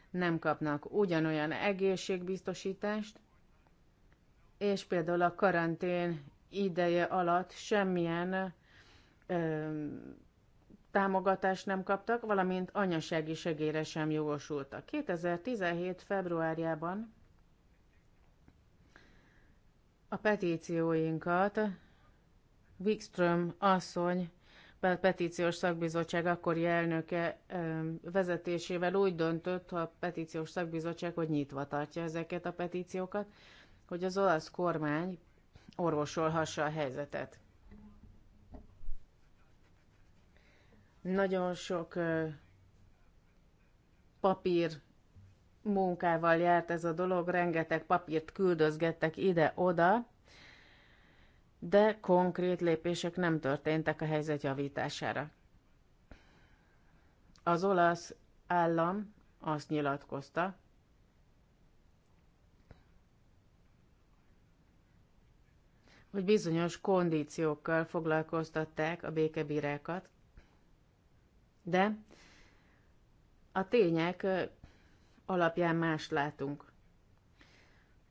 nem kapnak ugyanolyan egészségbiztosítást, és például a karantén ideje alatt semmilyen ö, támogatást nem kaptak, valamint anyasági segélyre sem jogosultak. 2017. februárjában a petícióinkat Wikström asszony petíciós szakbizottság akkori elnöke vezetésével úgy döntött a petíciós szakbizottság, hogy nyitva tartja ezeket a petíciókat, hogy az olasz kormány orvosolhassa a helyzetet. Nagyon sok papír munkával járt ez a dolog, rengeteg papírt küldözgettek ide-oda, de konkrét lépések nem történtek a helyzet javítására. Az olasz állam azt nyilatkozta, hogy bizonyos kondíciókkal foglalkoztatták a békebírákat, de a tények alapján más látunk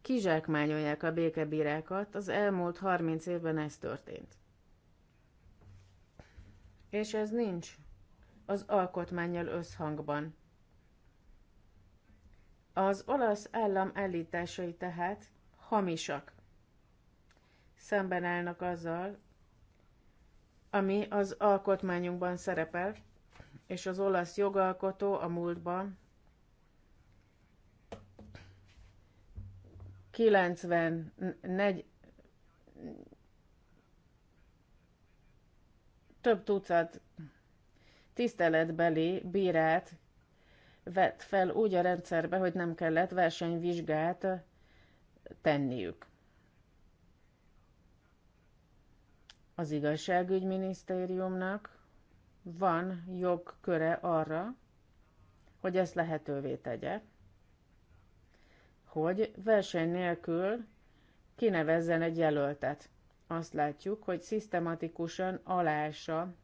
kizsákmányolják a békebírákat, az elmúlt 30 évben ez történt. És ez nincs az alkotmányjal összhangban. Az olasz állam állításai tehát hamisak. Szemben állnak azzal, ami az alkotmányunkban szerepel, és az olasz jogalkotó a múltban 94 több tucat tiszteletbeli bírát vett fel úgy a rendszerbe, hogy nem kellett versenyvizsgát tenniük. Az igazságügyminisztériumnak van jogköre arra, hogy ezt lehetővé tegye hogy verseny nélkül kinevezzen egy jelöltet. Azt látjuk, hogy szisztematikusan alása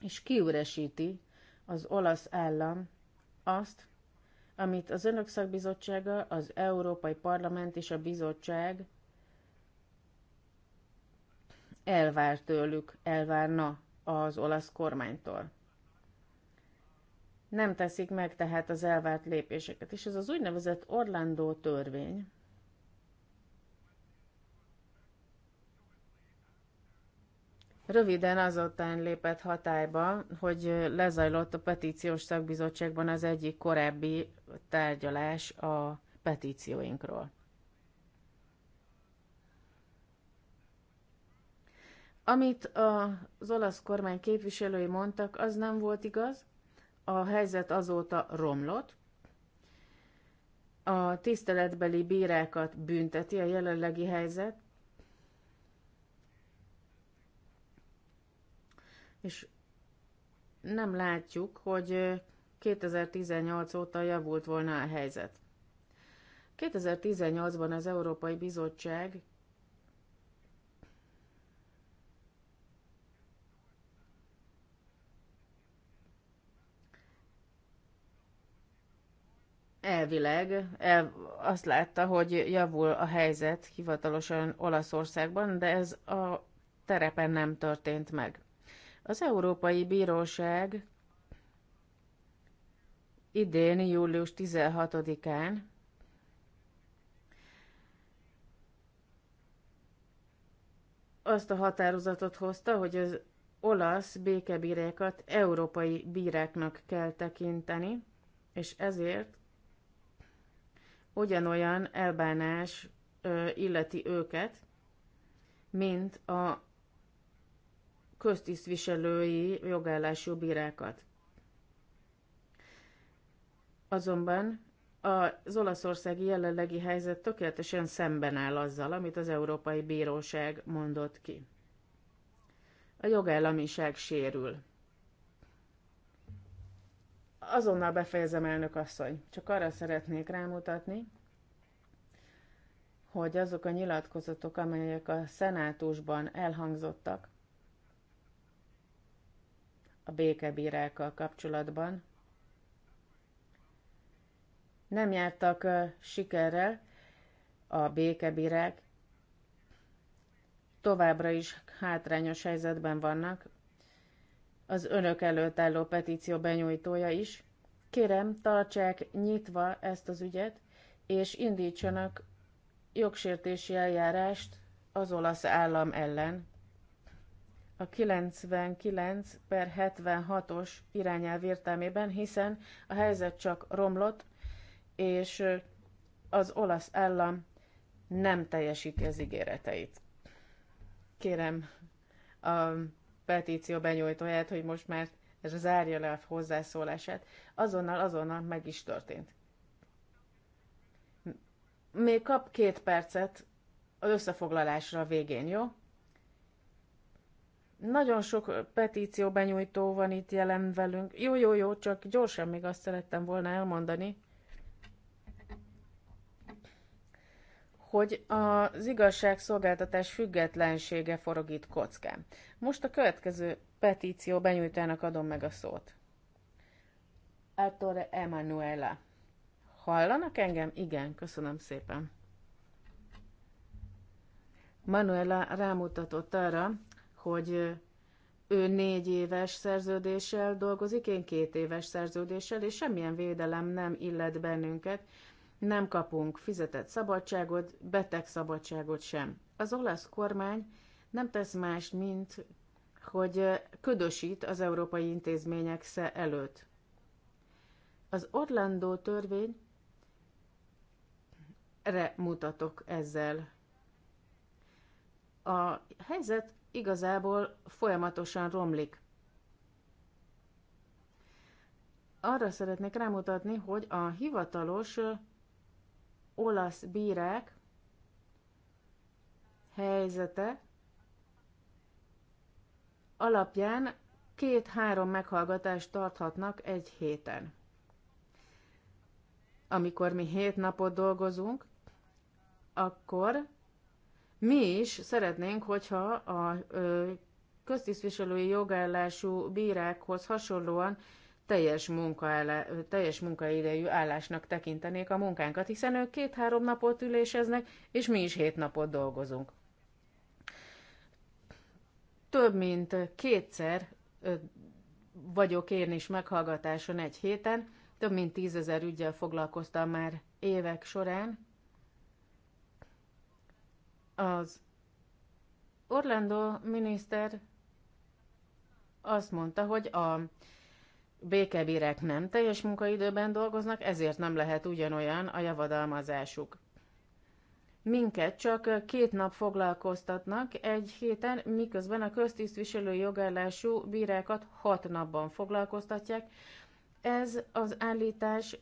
és kiüresíti az olasz állam azt, amit az Önök Szakbizottsága, az Európai Parlament és a Bizottság elvár tőlük, elvárna az olasz kormánytól nem teszik meg tehát az elvárt lépéseket. És ez az úgynevezett Orlandó törvény, Röviden azután lépett hatályba, hogy lezajlott a petíciós szakbizottságban az egyik korábbi tárgyalás a petícióinkról. Amit az olasz kormány képviselői mondtak, az nem volt igaz, a helyzet azóta romlott, a tiszteletbeli bírákat bünteti a jelenlegi helyzet, és nem látjuk, hogy 2018 óta javult volna a helyzet. 2018-ban az Európai Bizottság elvileg el, azt látta, hogy javul a helyzet hivatalosan Olaszországban, de ez a terepen nem történt meg. Az Európai Bíróság idén, július 16-án azt a határozatot hozta, hogy az olasz békebírákat európai bíráknak kell tekinteni, és ezért ugyanolyan elbánás illeti őket, mint a köztisztviselői jogállású bírákat. Azonban az olaszországi jelenlegi helyzet tökéletesen szemben áll azzal, amit az Európai Bíróság mondott ki. A jogállamiság sérül. Azonnal befejezem, elnök asszony. Csak arra szeretnék rámutatni, hogy azok a nyilatkozatok, amelyek a szenátusban elhangzottak a békebírákkal kapcsolatban, nem jártak sikerrel a békebírák, továbbra is hátrányos helyzetben vannak, az önök előtt álló petíció benyújtója is. Kérem, tartsák nyitva ezt az ügyet, és indítsanak jogsértési eljárást az olasz állam ellen. A 99 per 76-os irányelv értelmében, hiszen a helyzet csak romlott, és az olasz állam nem teljesíti az ígéreteit. Kérem, a petíció benyújtóját, hogy most már ez zárja le a hozzászólását. Azonnal, azonnal meg is történt. Még kap két percet az összefoglalásra a végén, jó? Nagyon sok petíció benyújtó van itt jelen velünk. Jó, jó, jó, csak gyorsan még azt szerettem volna elmondani, hogy az igazságszolgáltatás függetlensége forog itt kockán. Most a következő petíció benyújtának adom meg a szót. Artore Emanuela. Hallanak engem? Igen, köszönöm szépen. Manuela rámutatott arra, hogy ő négy éves szerződéssel dolgozik, én két éves szerződéssel, és semmilyen védelem nem illet bennünket, nem kapunk fizetett szabadságot, beteg szabadságot sem. Az olasz kormány nem tesz más, mint hogy ködösít az európai intézmények előtt. Az Orlandó törvényre mutatok ezzel. A helyzet igazából folyamatosan romlik. Arra szeretnék rámutatni, hogy a hivatalos olasz bírák helyzete alapján két-három meghallgatást tarthatnak egy héten. Amikor mi hét napot dolgozunk, akkor mi is szeretnénk, hogyha a köztisztviselői jogállású bírákhoz hasonlóan teljes, munka ele, teljes munkaidejű állásnak tekintenék a munkánkat, hiszen ők két-három napot üléseznek, és mi is hét napot dolgozunk. Több mint kétszer vagyok én is meghallgatáson egy héten, több mint tízezer ügyel foglalkoztam már évek során. Az Orlando miniszter azt mondta, hogy a békebírek nem teljes munkaidőben dolgoznak, ezért nem lehet ugyanolyan a javadalmazásuk. Minket csak két nap foglalkoztatnak egy héten, miközben a köztisztviselő jogállású bírákat hat napban foglalkoztatják. Ez az állítás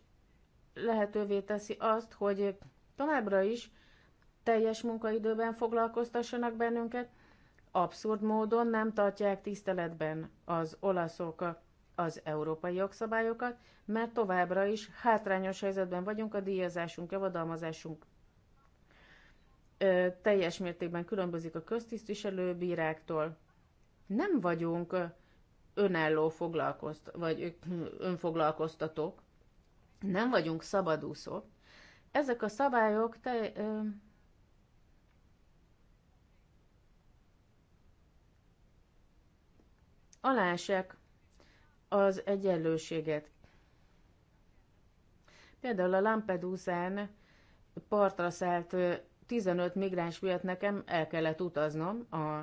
lehetővé teszi azt, hogy továbbra is teljes munkaidőben foglalkoztassanak bennünket, abszurd módon nem tartják tiszteletben az olaszok az európai jogszabályokat, mert továbbra is hátrányos helyzetben vagyunk a díjazásunk, javadalmazásunk ö, teljes mértékben különbözik a köztisztviselő bíráktól. Nem vagyunk önálló foglalkozt, vagy önfoglalkoztatók, nem vagyunk szabadúszók. Ezek a szabályok te, ö, alásek az egyenlőséget. Például a Lampedusán partra szállt 15 migráns miatt nekem el kellett utaznom a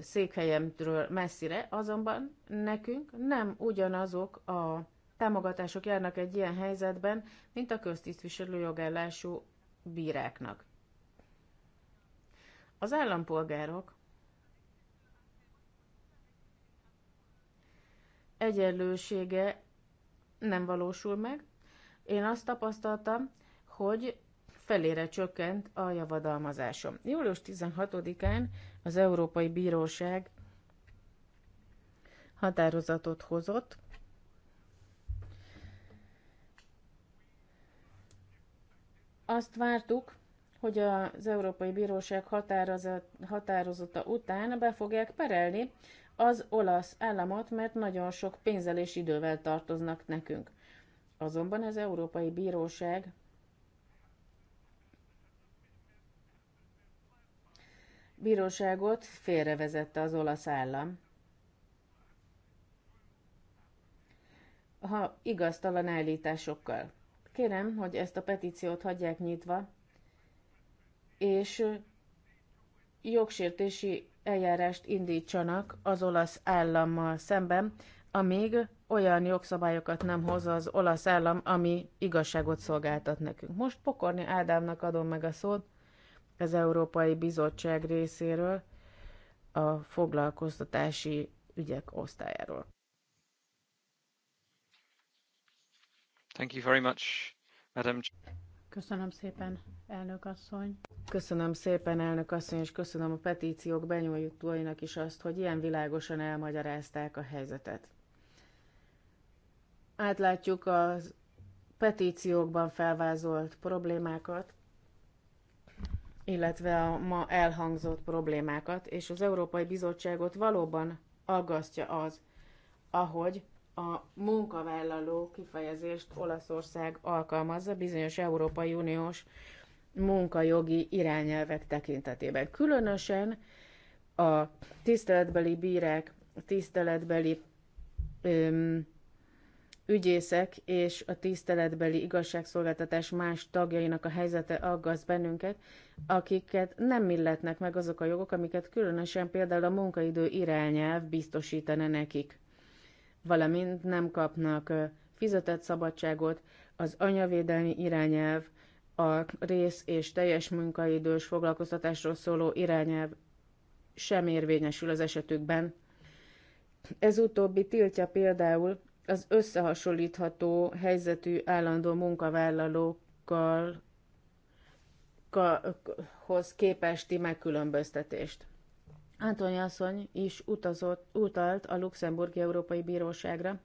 székhelyemtől messzire, azonban nekünk nem ugyanazok a támogatások járnak egy ilyen helyzetben, mint a köztisztviselő jogállású bíráknak. Az állampolgárok egyenlősége nem valósul meg. Én azt tapasztaltam, hogy felére csökkent a javadalmazásom. Július 16-án az Európai Bíróság határozatot hozott, Azt vártuk, hogy az Európai Bíróság határozata után be fogják perelni az olasz államot, mert nagyon sok pénzzel és idővel tartoznak nekünk. Azonban az Európai Bíróság bíróságot félrevezette az olasz állam. Ha igaztalan állításokkal. Kérem, hogy ezt a petíciót hagyják nyitva, és jogsértési eljárást indítsanak az olasz állammal szemben, amíg olyan jogszabályokat nem hoz az olasz állam, ami igazságot szolgáltat nekünk. Most Pokorni Ádámnak adom meg a szót az Európai Bizottság részéről a foglalkoztatási ügyek osztályáról. Thank you very much, Madam Köszönöm szépen, elnök asszony. Köszönöm szépen, elnök asszony, és köszönöm a petíciók benyújtóinak is azt, hogy ilyen világosan elmagyarázták a helyzetet. Átlátjuk a petíciókban felvázolt problémákat, illetve a ma elhangzott problémákat, és az Európai Bizottságot valóban aggasztja az, ahogy a munkavállaló kifejezést Olaszország alkalmazza bizonyos Európai Uniós munkajogi irányelvek tekintetében. Különösen a tiszteletbeli bírák, tiszteletbeli öm, ügyészek és a tiszteletbeli igazságszolgáltatás más tagjainak a helyzete aggaszt bennünket, akiket nem illetnek meg azok a jogok, amiket különösen például a munkaidő irányelv biztosítana nekik valamint nem kapnak fizetett szabadságot, az anyavédelmi irányelv, a rész és teljes munkaidős foglalkoztatásról szóló irányelv sem érvényesül az esetükben. Ez utóbbi tiltja például az összehasonlítható helyzetű állandó munkavállalókkal hoz képesti megkülönböztetést. Antoni asszony is utazott, utalt a Luxemburgi Európai Bíróságra.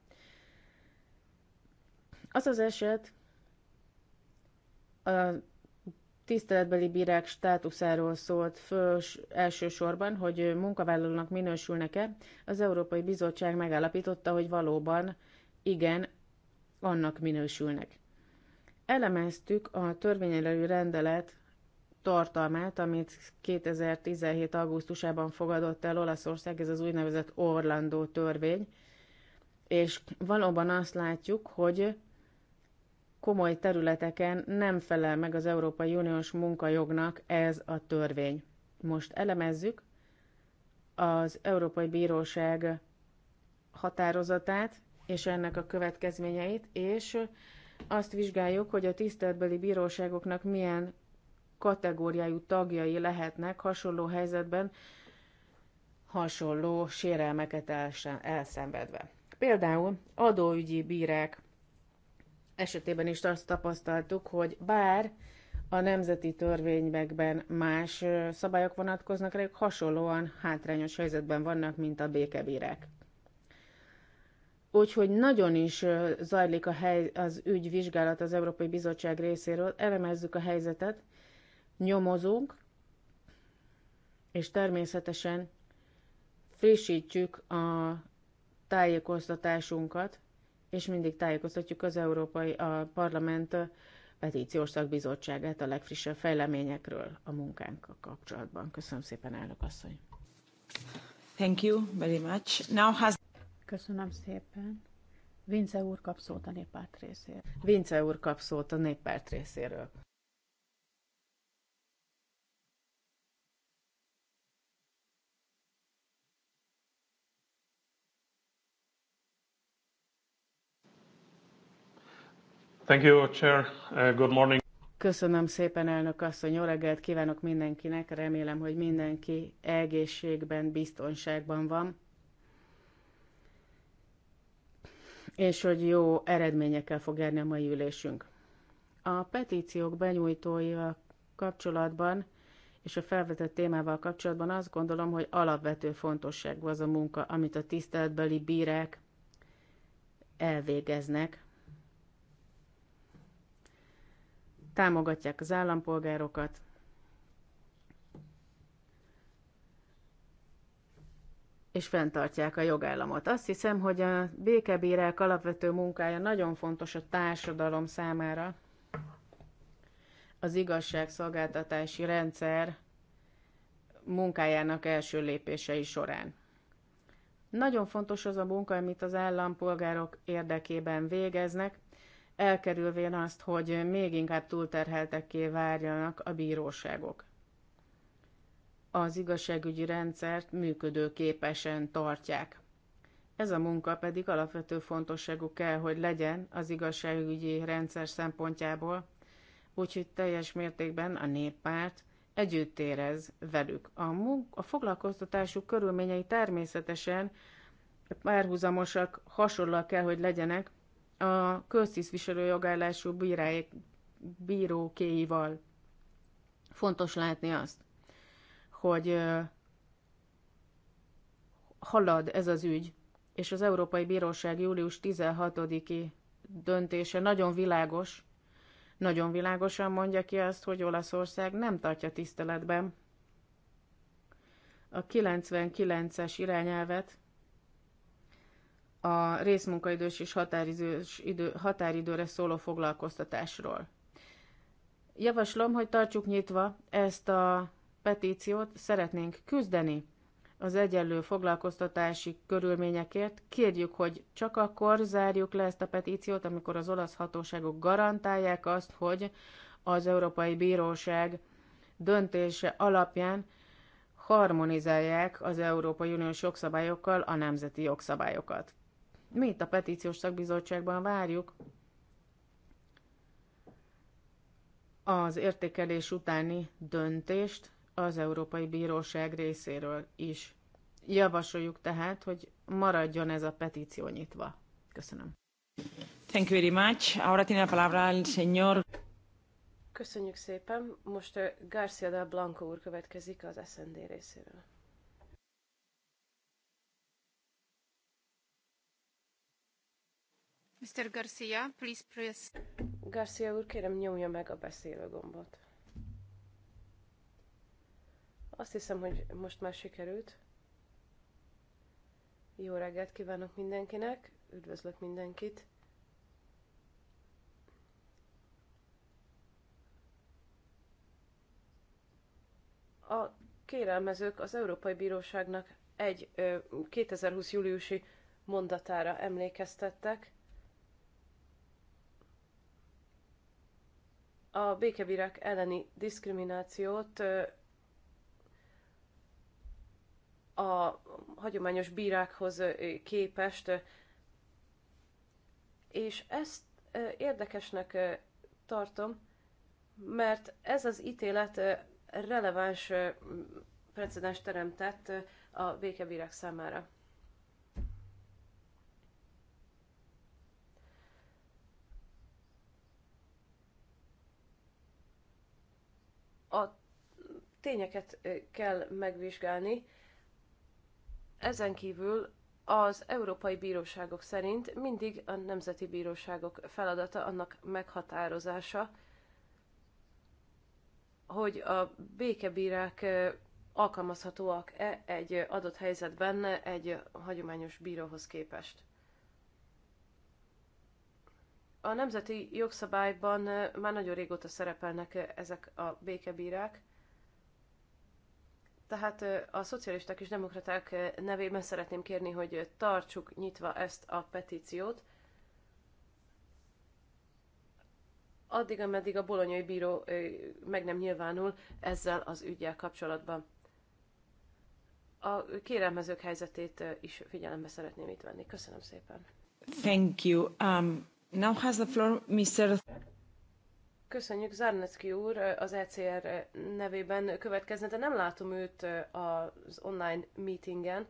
Az az eset a tiszteletbeli bírák státuszáról szólt fős elsősorban, hogy munkavállalónak minősülnek-e. Az Európai Bizottság megállapította, hogy valóban igen, annak minősülnek. Elemeztük a törvényelő rendelet tartalmát, amit 2017. augusztusában fogadott el Olaszország, ez az úgynevezett Orlandó törvény, és valóban azt látjuk, hogy komoly területeken nem felel meg az Európai Uniós munkajognak ez a törvény. Most elemezzük az Európai Bíróság határozatát és ennek a következményeit, és azt vizsgáljuk, hogy a tiszteletbeli bíróságoknak milyen kategóriájú tagjai lehetnek hasonló helyzetben, hasonló sérelmeket elszenvedve. Például adóügyi bírák esetében is azt tapasztaltuk, hogy bár a nemzeti törvényekben más szabályok vonatkoznak rájuk, hasonlóan hátrányos helyzetben vannak, mint a békebírák. Úgyhogy nagyon is zajlik a hely, az ügyvizsgálat az Európai Bizottság részéről, elemezzük a helyzetet, nyomozunk, és természetesen frissítjük a tájékoztatásunkat, és mindig tájékoztatjuk az Európai a Parlament petíciós szakbizottságát a legfrissebb fejleményekről a munkánkkal kapcsolatban. Köszönöm szépen, elnök asszony! Thank you very much. Now has... Köszönöm szépen. Vince úr kap szót a néppárt részéről. Vince úr kap szót a néppárt részéről. Thank you, Chair. Uh, good morning. Köszönöm szépen, elnök asszony, jó reggelt kívánok mindenkinek, remélem, hogy mindenki egészségben, biztonságban van, és hogy jó eredményekkel fog járni a mai ülésünk. A petíciók benyújtóival kapcsolatban és a felvetett témával kapcsolatban azt gondolom, hogy alapvető fontosságú az a munka, amit a tiszteletbeli bírák elvégeznek támogatják az állampolgárokat, és fenntartják a jogállamot. Azt hiszem, hogy a békebírák alapvető munkája nagyon fontos a társadalom számára. Az igazságszolgáltatási rendszer munkájának első lépései során. Nagyon fontos az a munka, amit az állampolgárok érdekében végeznek, elkerülvén azt, hogy még inkább túlterheltekké várjanak a bíróságok. Az igazságügyi rendszert működőképesen tartják. Ez a munka pedig alapvető fontosságú kell, hogy legyen az igazságügyi rendszer szempontjából, úgyhogy teljes mértékben a néppárt együtt érez velük. A, munk- a foglalkoztatásuk körülményei természetesen párhuzamosak, hasonlóak kell, hogy legyenek a köztisztviselő jogállású bíráik, bírókéival. Fontos látni azt, hogy halad ez az ügy, és az Európai Bíróság július 16-i döntése nagyon világos, nagyon világosan mondja ki azt, hogy Olaszország nem tartja tiszteletben a 99-es irányelvet, a részmunkaidős és határidős idő, határidőre szóló foglalkoztatásról. Javaslom, hogy tartsuk nyitva ezt a petíciót, szeretnénk küzdeni az egyenlő foglalkoztatási körülményekért. Kérjük, hogy csak akkor zárjuk le ezt a petíciót, amikor az olasz hatóságok garantálják azt, hogy az Európai Bíróság döntése alapján harmonizálják az Európai Uniós jogszabályokkal a nemzeti jogszabályokat. Mi itt a petíciós szakbizottságban várjuk az értékelés utáni döntést az Európai Bíróság részéről is. Javasoljuk tehát, hogy maradjon ez a petíció nyitva. Köszönöm. Thank you very much. Ahora tiene la palabra el señor. Köszönjük szépen. Most eh, García de Blanco úr következik az SND részéről. Mr. Garcia, please press. Garcia úr, kérem nyomja meg a beszélő gombot. Azt hiszem, hogy most már sikerült. Jó reggelt kívánok mindenkinek, üdvözlök mindenkit. A kérelmezők az Európai Bíróságnak egy 2020. júliusi mondatára emlékeztettek, a békebírák elleni diszkriminációt a hagyományos bírákhoz képest, és ezt érdekesnek tartom, mert ez az ítélet releváns precedens teremtett a békebírák számára. tényeket kell megvizsgálni. Ezen kívül az európai bíróságok szerint mindig a nemzeti bíróságok feladata annak meghatározása, hogy a békebírák alkalmazhatóak-e egy adott helyzetben egy hagyományos bíróhoz képest. A nemzeti jogszabályban már nagyon régóta szerepelnek ezek a békebírák, tehát a szocialisták és demokraták nevében szeretném kérni, hogy tartsuk nyitva ezt a petíciót, addig, ameddig a bolonyai bíró meg nem nyilvánul ezzel az ügyel kapcsolatban. A kérelmezők helyzetét is figyelembe szeretném itt venni. Köszönöm szépen. Thank you. Um, now has the floor Mr. Köszönjük, Zárnecki úr az ECR nevében következne, de nem látom őt az online meetingen.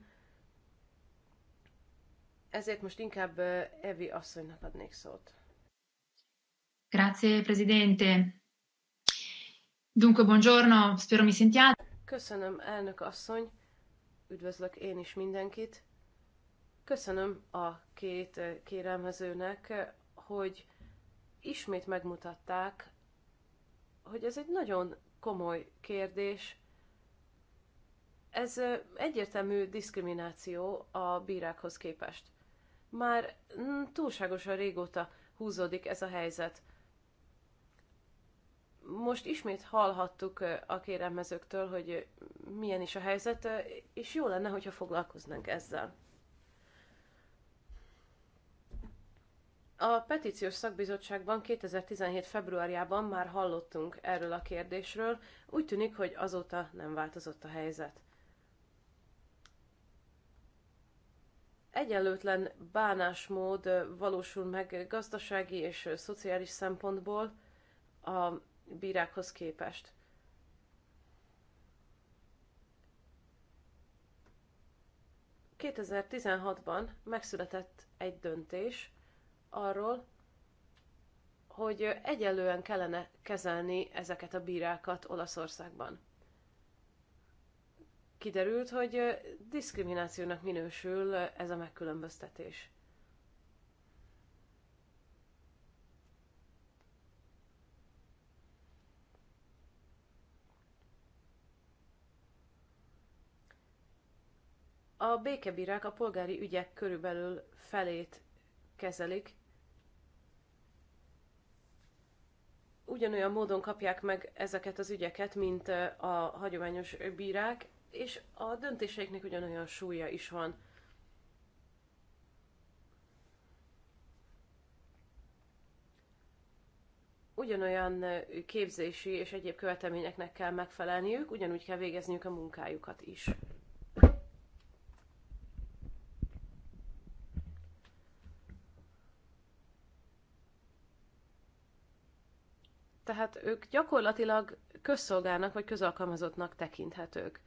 Ezért most inkább Evi asszonynak adnék szót. Grazie, Presidente. Dunque, buongiorno, spero mi sentiate. Köszönöm, elnök asszony. Üdvözlök én is mindenkit. Köszönöm a két kérelmezőnek, hogy ismét megmutatták hogy ez egy nagyon komoly kérdés. Ez egyértelmű diszkrimináció a bírákhoz képest. Már mm, túlságosan régóta húzódik ez a helyzet. Most ismét hallhattuk a kéremezőktől, hogy milyen is a helyzet, és jó lenne, hogyha foglalkoznánk ezzel. A petíciós szakbizottságban 2017. februárjában már hallottunk erről a kérdésről, úgy tűnik, hogy azóta nem változott a helyzet. Egyenlőtlen bánásmód valósul meg gazdasági és szociális szempontból a bírákhoz képest. ...2016-ban megszületett egy döntés, arról, hogy egyelően kellene kezelni ezeket a bírákat Olaszországban. Kiderült, hogy diszkriminációnak minősül ez a megkülönböztetés. A békebírák a polgári ügyek körülbelül felét kezelik, ugyanolyan módon kapják meg ezeket az ügyeket, mint a hagyományos bírák, és a döntéseiknek ugyanolyan súlya is van. Ugyanolyan képzési és egyéb követelményeknek kell megfelelniük, ugyanúgy kell végezniük a munkájukat is. tehát ők gyakorlatilag közszolgálnak vagy közalkalmazottnak tekinthetők.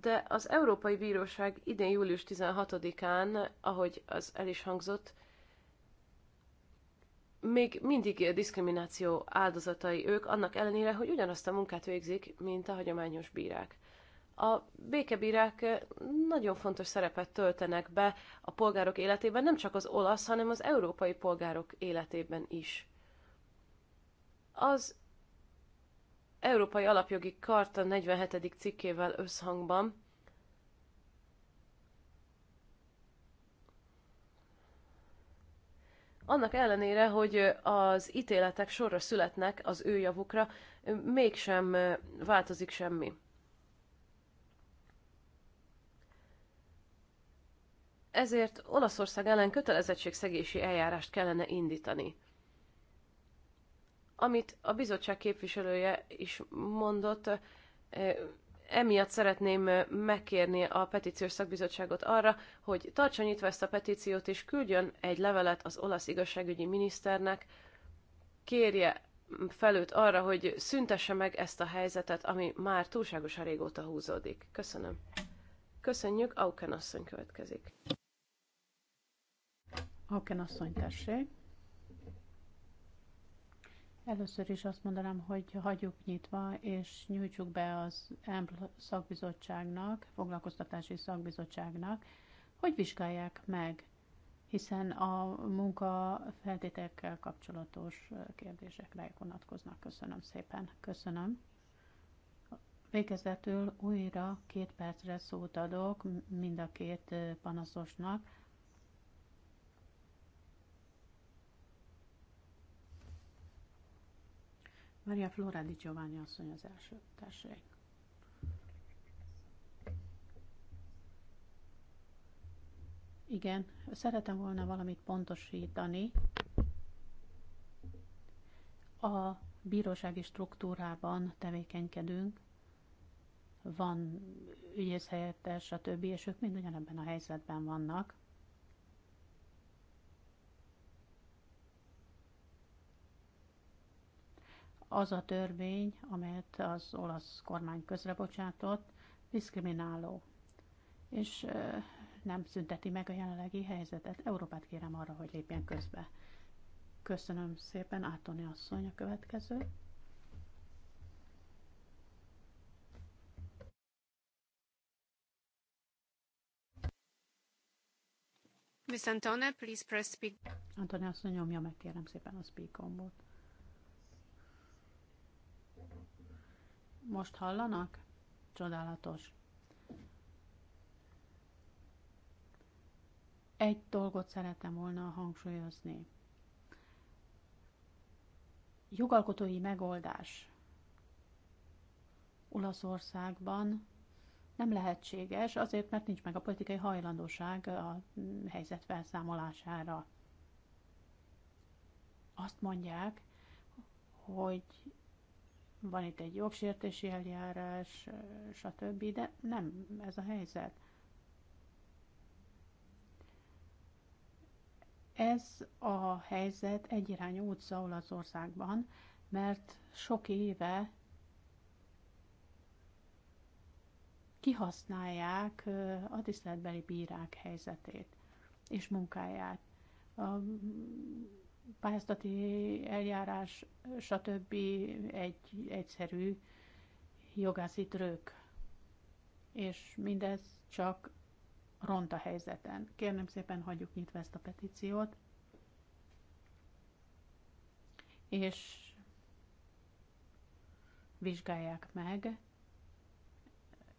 De az Európai Bíróság idén július 16-án, ahogy az el is hangzott, még mindig a diszkrimináció áldozatai ők, annak ellenére, hogy ugyanazt a munkát végzik, mint a hagyományos bírák a békebírák nagyon fontos szerepet töltenek be a polgárok életében, nem csak az olasz, hanem az európai polgárok életében is. Az Európai Alapjogi Karta 47. cikkével összhangban annak ellenére, hogy az ítéletek sorra születnek az ő javukra, mégsem változik semmi. ezért Olaszország ellen kötelezettségszegési eljárást kellene indítani. Amit a bizottság képviselője is mondott, eh, emiatt szeretném eh, megkérni a petíciós szakbizottságot arra, hogy tartsa nyitva ezt a petíciót, és küldjön egy levelet az olasz igazságügyi miniszternek, kérje felőt arra, hogy szüntesse meg ezt a helyzetet, ami már túlságosan régóta húzódik. Köszönöm. Köszönjük, Auken asszony következik. Auken asszony, tessék. Először is azt mondanám, hogy hagyjuk nyitva, és nyújtsuk be az EMPL szakbizottságnak, foglalkoztatási szakbizottságnak, hogy vizsgálják meg, hiszen a munka feltételekkel kapcsolatos kérdésekre vonatkoznak. Köszönöm szépen. Köszönöm. Végezetül újra két percre szót adok mind a két panaszosnak. Maria Flora Di Giovanni asszony az első. Tessék. Igen, szeretem volna valamit pontosítani. A bírósági struktúrában tevékenykedünk, van ügyész helyettes, többi, és ők mind ugyanebben a helyzetben vannak. Az a törvény, amelyet az olasz kormány közrebocsátott, diszkrimináló, és nem szünteti meg a jelenlegi helyzetet. Európát kérem arra, hogy lépjen közbe. Köszönöm szépen, Átoni asszony a következő. Miss Antone, please press speak. Antone azt nyomja meg, kérem szépen a speak gombot. Most hallanak? Csodálatos. Egy dolgot szeretem volna hangsúlyozni. Jogalkotói megoldás. Olaszországban nem lehetséges, azért, mert nincs meg a politikai hajlandóság a mm, helyzet felszámolására. Azt mondják, hogy van itt egy jogsértési eljárás, stb., de nem ez a helyzet. Ez a helyzet egyirányú utca Olaszországban, mert sok éve kihasználják a tiszteletbeli bírák helyzetét és munkáját. A pályázati eljárás, stb. egy egyszerű jogászi trükk. És mindez csak ront a helyzeten. Kérném szépen hagyjuk nyitva ezt a petíciót, és vizsgálják meg,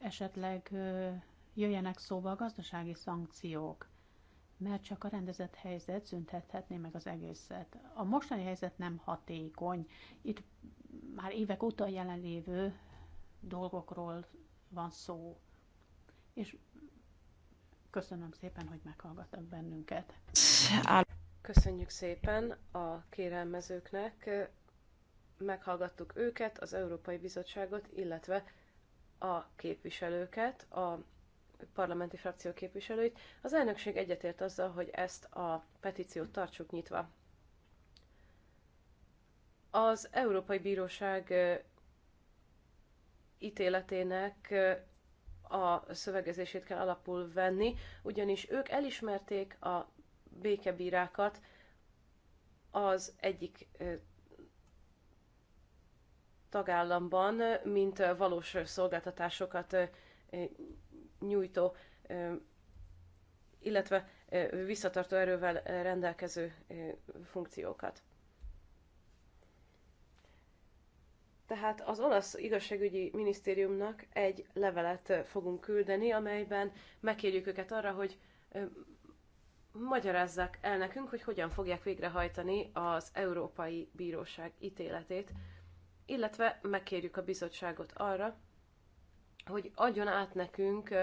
esetleg jöjjenek szóba a gazdasági szankciók, mert csak a rendezett helyzet szüntethetné meg az egészet. A mostani helyzet nem hatékony. Itt már évek óta jelenlévő dolgokról van szó. És köszönöm szépen, hogy meghallgattak bennünket. Köszönjük szépen a kérelmezőknek. Meghallgattuk őket, az Európai Bizottságot, illetve a képviselőket, a parlamenti frakció képviselőit. Az elnökség egyetért azzal, hogy ezt a petíciót tartsuk nyitva. Az Európai Bíróság ítéletének a szövegezését kell alapul venni, ugyanis ők elismerték a békebírákat az egyik tagállamban, mint valós szolgáltatásokat nyújtó, illetve visszatartó erővel rendelkező funkciókat. Tehát az olasz igazságügyi minisztériumnak egy levelet fogunk küldeni, amelyben megkérjük őket arra, hogy magyarázzák el nekünk, hogy hogyan fogják végrehajtani az Európai Bíróság ítéletét illetve megkérjük a bizottságot arra, hogy adjon át nekünk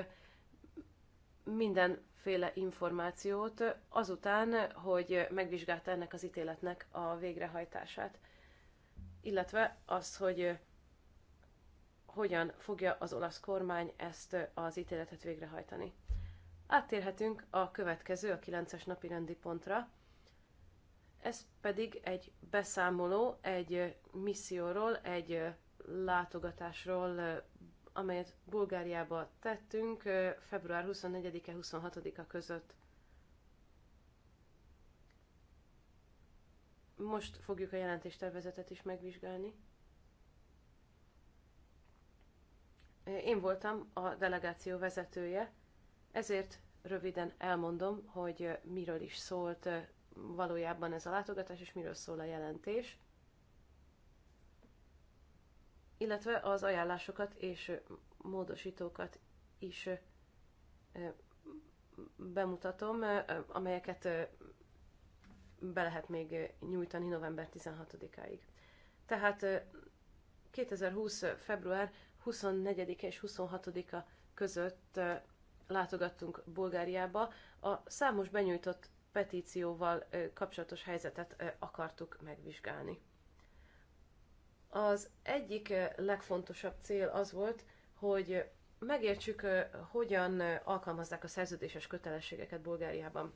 mindenféle információt azután, hogy megvizsgálta ennek az ítéletnek a végrehajtását, illetve az, hogy hogyan fogja az olasz kormány ezt az ítéletet végrehajtani. Áttérhetünk a következő, a 9-es napi rendi pontra, ez pedig egy beszámoló egy misszióról, egy látogatásról, amelyet Bulgáriába tettünk február 24 26-a között. Most fogjuk a jelentéstervezetet is megvizsgálni. Én voltam a delegáció vezetője, ezért röviden elmondom, hogy miről is szólt valójában ez a látogatás, és miről szól a jelentés. Illetve az ajánlásokat és módosítókat is bemutatom, amelyeket be lehet még nyújtani november 16-áig. Tehát 2020. február 24-e és 26-a között látogattunk Bulgáriába. A számos benyújtott petícióval kapcsolatos helyzetet akartuk megvizsgálni. Az egyik legfontosabb cél az volt, hogy megértsük, hogyan alkalmazzák a szerződéses kötelességeket Bulgáriában.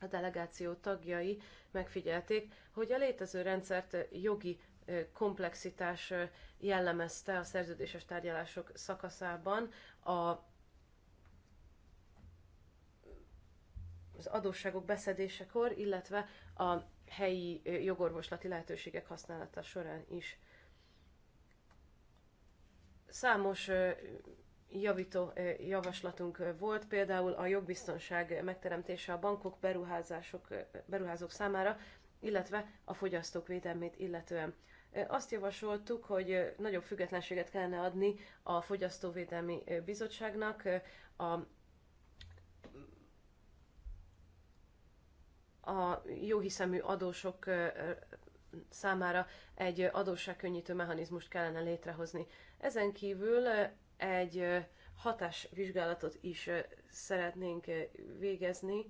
A delegáció tagjai megfigyelték, hogy a létező rendszert jogi komplexitás jellemezte a szerződéses tárgyalások szakaszában, a az adósságok beszedésekor, illetve a helyi jogorvoslati lehetőségek használata során is. Számos javító javaslatunk volt, például a jogbiztonság megteremtése a bankok, beruházások, beruházók számára, illetve a fogyasztók védelmét illetően. Azt javasoltuk, hogy nagyobb függetlenséget kellene adni a Fogyasztóvédelmi Bizottságnak, a a jóhiszemű adósok számára egy adósságkönnyítő mechanizmust kellene létrehozni. Ezen kívül egy hatásvizsgálatot is szeretnénk végezni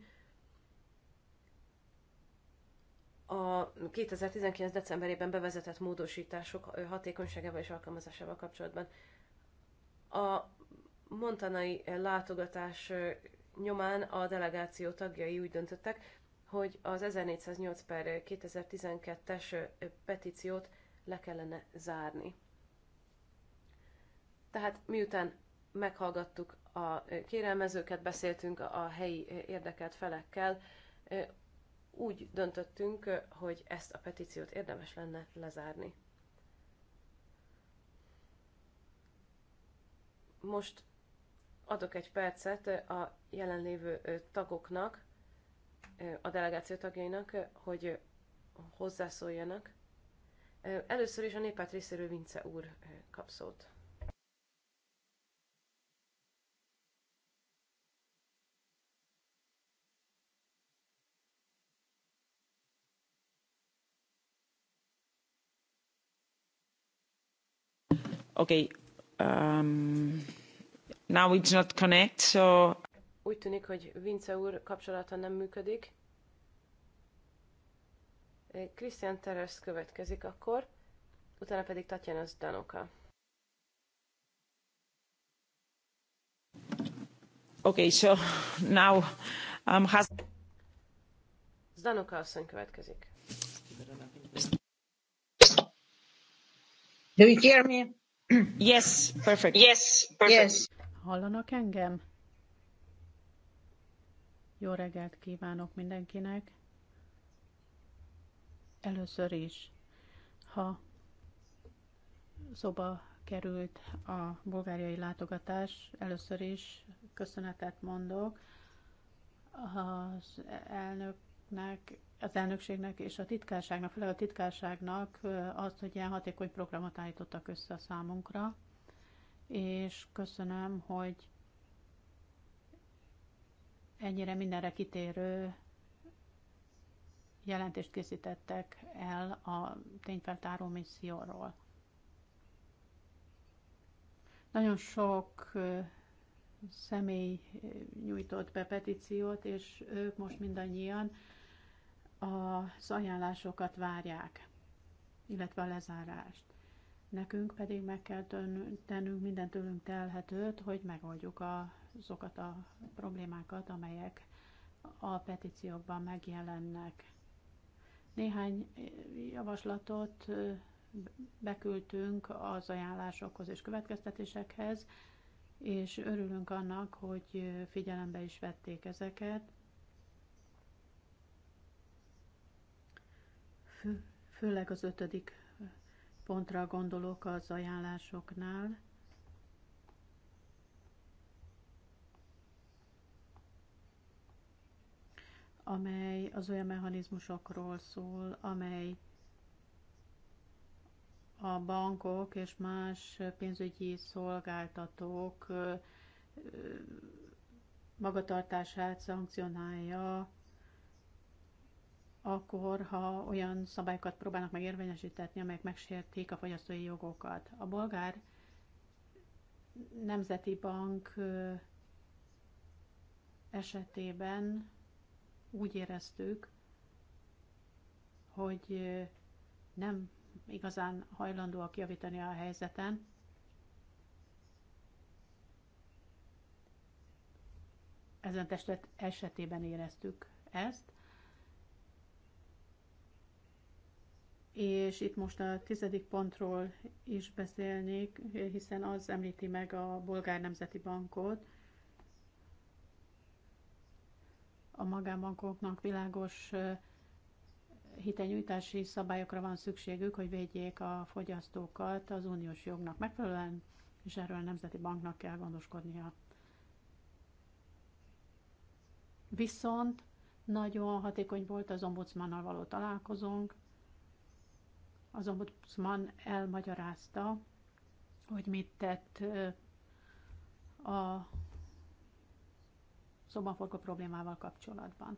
a 2019. decemberében bevezetett módosítások hatékonyságával és alkalmazásával kapcsolatban. A montanai látogatás nyomán a delegáció tagjai úgy döntöttek, hogy az 1408 per 2012-es petíciót le kellene zárni. Tehát miután meghallgattuk a kérelmezőket, beszéltünk a helyi érdekelt felekkel, úgy döntöttünk, hogy ezt a petíciót érdemes lenne lezárni. Most adok egy percet a jelenlévő tagoknak, a delegáció tagjainak, hogy hozzászóljanak. Először is a népát részéről Vince úr kap szót. Okay. Um, now it's not connect, so úgy tűnik, hogy Vince úr kapcsolata nem működik. Christian Teres következik akkor, utána pedig Tatjana Zdanoka. Okay, so now um, has... Zdanoka asszony következik. Do you hear me? Yes, perfect. Yes, perfect. Yes. Hallanak engem? Jó reggelt kívánok mindenkinek! Először is, ha szoba került a bulgáriai látogatás, először is köszönetet mondok az elnöknek, az elnökségnek és a titkárságnak, főleg a titkárságnak azt, hogy ilyen hatékony programot állítottak össze a számunkra, és köszönöm, hogy ennyire mindenre kitérő jelentést készítettek el a tényfeltáró misszióról. Nagyon sok személy nyújtott be petíciót, és ők most mindannyian az ajánlásokat várják, illetve a lezárást. Nekünk pedig meg kell tennünk minden tőlünk telhetőt, hogy megoldjuk a azokat a problémákat, amelyek a petíciókban megjelennek. Néhány javaslatot beküldtünk az ajánlásokhoz és következtetésekhez, és örülünk annak, hogy figyelembe is vették ezeket. Főleg az ötödik pontra gondolok az ajánlásoknál. amely az olyan mechanizmusokról szól, amely a bankok és más pénzügyi szolgáltatók magatartását szankcionálja, akkor, ha olyan szabályokat próbálnak megérvényesíteni, amelyek megsértik a fogyasztói jogokat. A bolgár nemzeti bank esetében úgy éreztük, hogy nem igazán hajlandóak javítani a helyzeten. Ezen testet esetében éreztük ezt. És itt most a tizedik pontról is beszélnék, hiszen az említi meg a Bolgár Nemzeti Bankot, a magánbankoknak világos hitelnyújtási szabályokra van szükségük, hogy védjék a fogyasztókat az uniós jognak megfelelően, és erről a Nemzeti Banknak kell gondoskodnia. Viszont nagyon hatékony volt az ombudsmannal való találkozónk. Az ombudsman elmagyarázta, hogy mit tett a szobaforgó problémával kapcsolatban.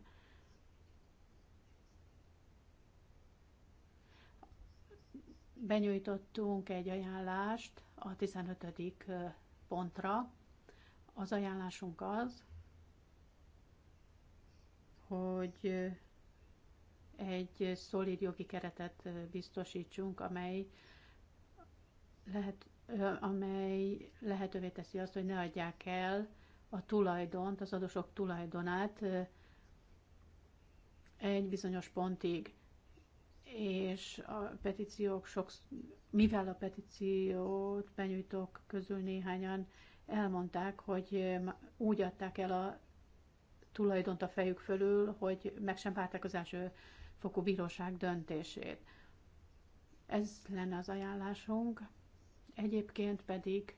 Benyújtottunk egy ajánlást a 15. pontra. Az ajánlásunk az, hogy egy szolid jogi keretet biztosítsunk, amely, lehet, amely lehetővé teszi azt, hogy ne adják el a tulajdont, az adósok tulajdonát egy bizonyos pontig, és a petíciók sok, mivel a petíciót benyújtók közül néhányan elmondták, hogy úgy adták el a tulajdont a fejük fölül, hogy meg sem várták az első fokú bíróság döntését. Ez lenne az ajánlásunk. Egyébként pedig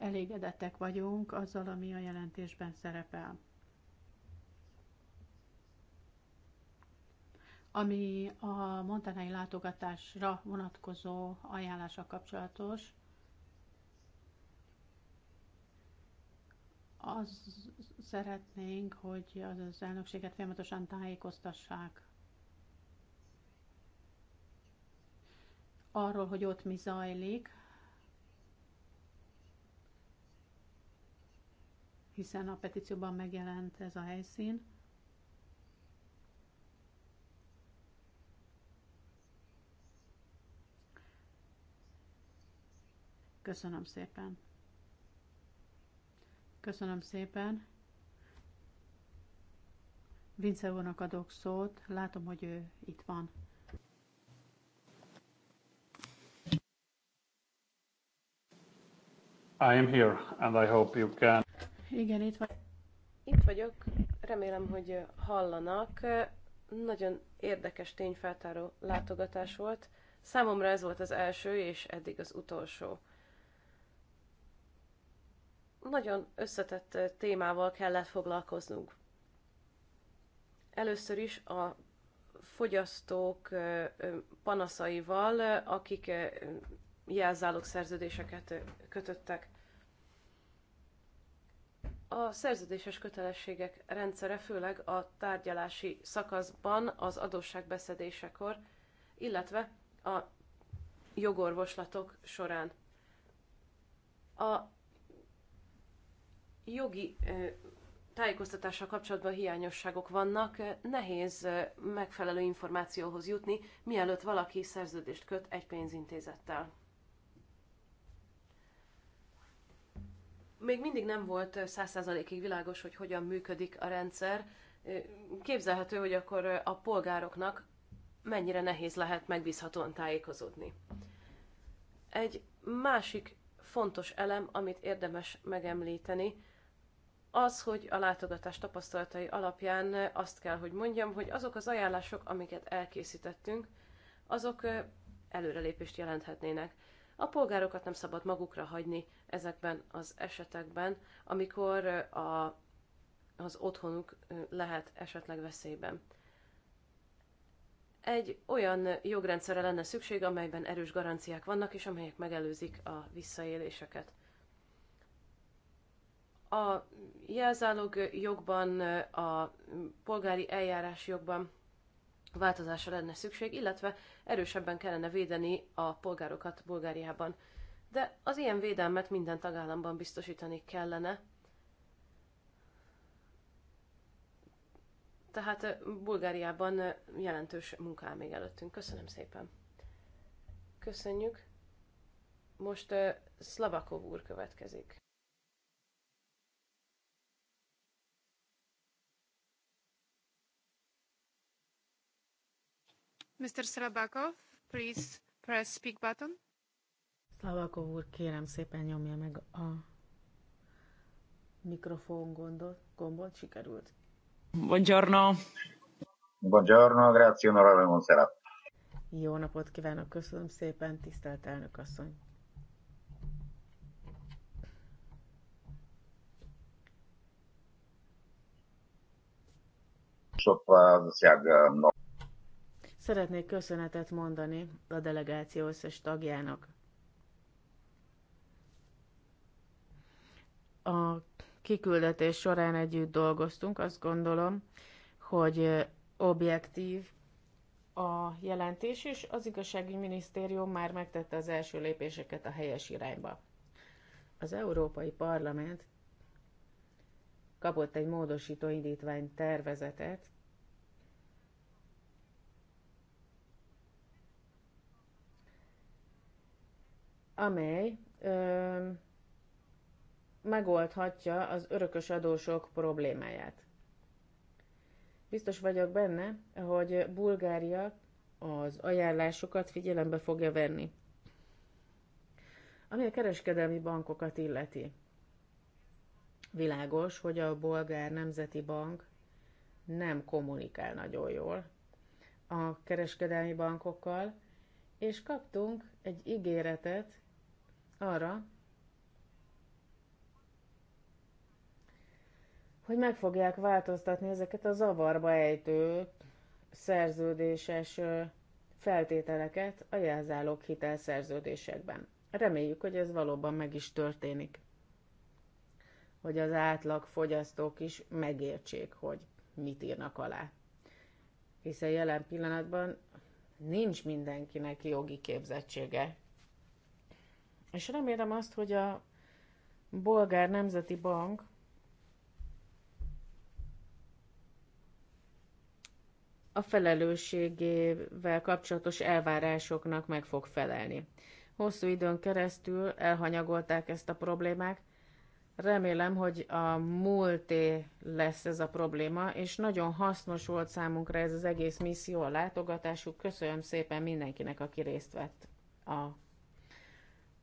elégedettek vagyunk azzal, ami a jelentésben szerepel. Ami a montanai látogatásra vonatkozó ajánlása kapcsolatos, az szeretnénk, hogy az, elnökséget folyamatosan tájékoztassák arról, hogy ott mi zajlik, hiszen a petícióban megjelent ez a helyszín. Köszönöm szépen. Köszönöm szépen. Vince úrnak adok szót, látom, hogy ő itt van. I am here, and I hope you can. Igen, itt vagy. Itt vagyok, remélem, hogy hallanak. Nagyon érdekes tényfeltáró látogatás volt. Számomra ez volt az első, és eddig az utolsó. Nagyon összetett témával kellett foglalkoznunk. Először is a fogyasztók panaszaival, akik jelzálog szerződéseket kötöttek. A szerződéses kötelességek rendszere főleg a tárgyalási szakaszban, az adósságbeszedésekor, illetve a jogorvoslatok során. A jogi tájékoztatással kapcsolatban hiányosságok vannak, nehéz megfelelő információhoz jutni, mielőtt valaki szerződést köt egy pénzintézettel. még mindig nem volt százszázalékig világos, hogy hogyan működik a rendszer. Képzelhető, hogy akkor a polgároknak mennyire nehéz lehet megbízhatóan tájékozódni. Egy másik fontos elem, amit érdemes megemlíteni, az, hogy a látogatás tapasztalatai alapján azt kell, hogy mondjam, hogy azok az ajánlások, amiket elkészítettünk, azok előrelépést jelenthetnének. A polgárokat nem szabad magukra hagyni ezekben az esetekben, amikor a, az otthonuk lehet esetleg veszélyben. Egy olyan jogrendszerre lenne szükség, amelyben erős garanciák vannak, és amelyek megelőzik a visszaéléseket. A jelzálog jogban, a polgári eljárás jogban változásra lenne szükség, illetve erősebben kellene védeni a polgárokat Bulgáriában. De az ilyen védelmet minden tagállamban biztosítani kellene. Tehát Bulgáriában jelentős munka áll még előttünk. Köszönöm szépen. Köszönjük. Most Szlavakov úr következik. Mr. úr, kérem szépen nyomja meg a mikrofon gondot, gombot, sikerült. Buongiorno. Buongiorno, grazie onorevole Monserrat. Jó napot kívánok, köszönöm szépen, tisztelt elnök asszony. Sok засяга много Szeretnék köszönetet mondani a delegáció összes tagjának. A kiküldetés során együtt dolgoztunk, azt gondolom, hogy objektív a jelentés, és az igazsági minisztérium már megtette az első lépéseket a helyes irányba. Az Európai Parlament kapott egy módosító indítvány tervezetet amely ö, megoldhatja az örökös adósok problémáját. Biztos vagyok benne, hogy Bulgária az ajánlásokat figyelembe fogja venni. Ami a kereskedelmi bankokat illeti. Világos, hogy a Bolgár Nemzeti Bank nem kommunikál nagyon jól a kereskedelmi bankokkal, és kaptunk egy ígéretet arra, hogy meg fogják változtatni ezeket a zavarba ejtő szerződéses feltételeket a jelzálók hitelszerződésekben. Reméljük, hogy ez valóban meg is történik. Hogy az átlag fogyasztók is megértsék, hogy mit írnak alá. Hiszen jelen pillanatban nincs mindenkinek jogi képzettsége és remélem azt, hogy a Bolgár Nemzeti Bank a felelősségével kapcsolatos elvárásoknak meg fog felelni. Hosszú időn keresztül elhanyagolták ezt a problémát, Remélem, hogy a múlté lesz ez a probléma, és nagyon hasznos volt számunkra ez az egész misszió, a látogatásuk. Köszönöm szépen mindenkinek, aki részt vett a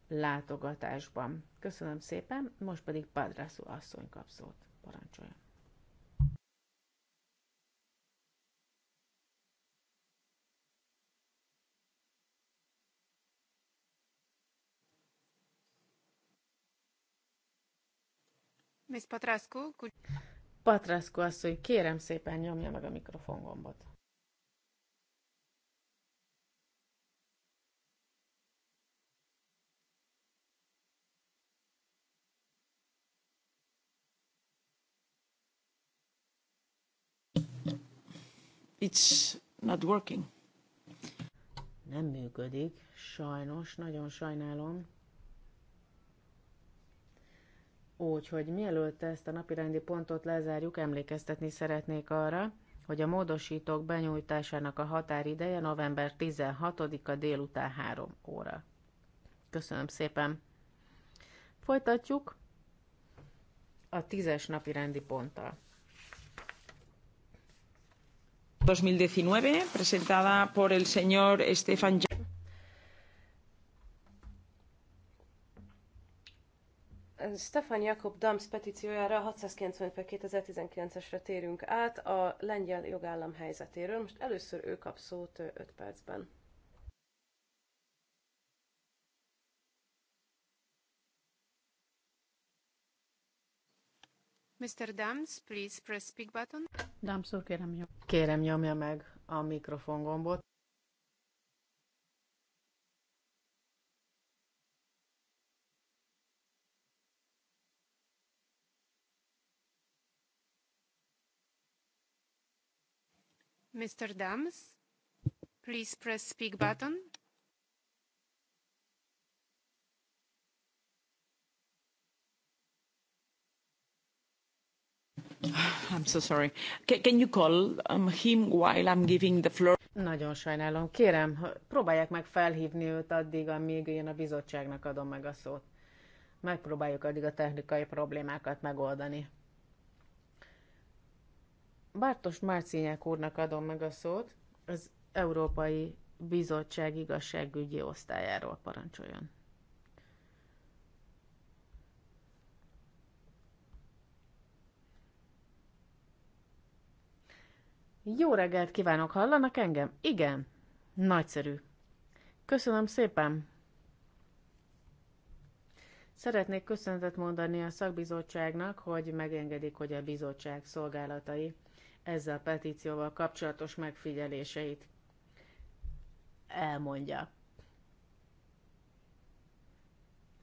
látogatásban. Köszönöm szépen, most pedig Padraszú asszony kap szót. Parancsoljon. Patrasku, asszony, kérem szépen nyomja meg a mikrofon gombot. It's not working. Nem működik, sajnos, nagyon sajnálom. Úgyhogy mielőtt ezt a napirendi pontot lezárjuk, emlékeztetni szeretnék arra, hogy a módosítók benyújtásának a határideje november 16-a délután 3 óra. Köszönöm szépen! Folytatjuk a tízes napi rendi ponttal. 2019, presentada por el señor Stefan Stefan Jakob Dams petíciójára 690 per 2019-esre térünk át a lengyel jogállam helyzetéről. Most először ő kap szót 5 percben. Mr. Dams, please press speak button. Dams úr, kérem, nyom. kérem nyomja meg a mikrofon gombot. Mr. Dams, please press speak button. I'm so sorry. Can, you call um, him while I'm giving the floor? Nagyon sajnálom. Kérem, próbálják meg felhívni őt addig, amíg én a bizottságnak adom meg a szót. Megpróbáljuk addig a technikai problémákat megoldani. Bártos Márcinyák úrnak adom meg a szót, az Európai Bizottság igazságügyi osztályáról parancsoljon. Jó reggelt kívánok, hallanak engem? Igen. Nagyszerű. Köszönöm szépen. Szeretnék köszönetet mondani a szakbizottságnak, hogy megengedik, hogy a bizottság szolgálatai ezzel a petícióval kapcsolatos megfigyeléseit elmondja.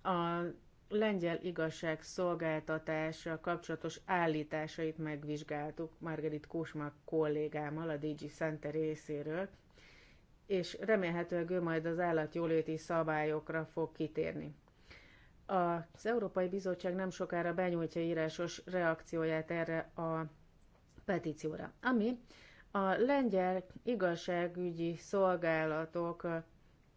A lengyel igazságszolgáltatással kapcsolatos állításait megvizsgáltuk Margarit Kusma kollégámmal a DG Center részéről, és remélhetőleg ő majd az állatjóléti szabályokra fog kitérni. Az Európai Bizottság nem sokára benyújtja írásos reakcióját erre a petícióra, ami a lengyel igazságügyi szolgálatok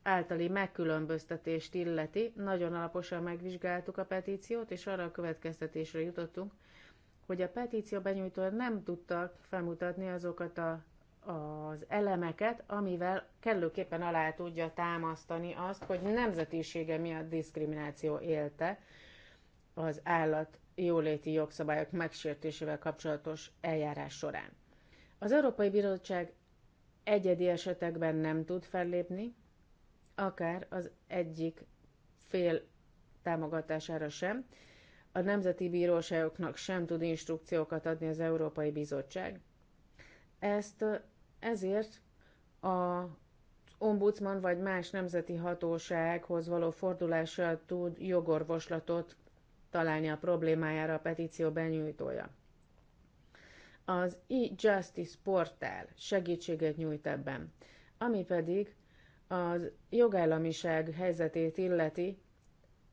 általi megkülönböztetést illeti, nagyon alaposan megvizsgáltuk a petíciót, és arra a következtetésre jutottunk, hogy a petíció benyújtó nem tudta felmutatni azokat a, az elemeket, amivel kellőképpen alá tudja támasztani azt, hogy nemzetisége miatt diszkrimináció élte az állat jóléti jogszabályok megsértésével kapcsolatos eljárás során. Az Európai Bizottság egyedi esetekben nem tud fellépni, akár az egyik fél támogatására sem. A nemzeti bíróságoknak sem tud instrukciókat adni az Európai Bizottság. Ezt ezért a ombudsman vagy más nemzeti hatósághoz való fordulással tud jogorvoslatot találni a problémájára a petíció benyújtója. Az e-justice portál segítséget nyújt ebben, ami pedig az jogállamiság helyzetét illeti,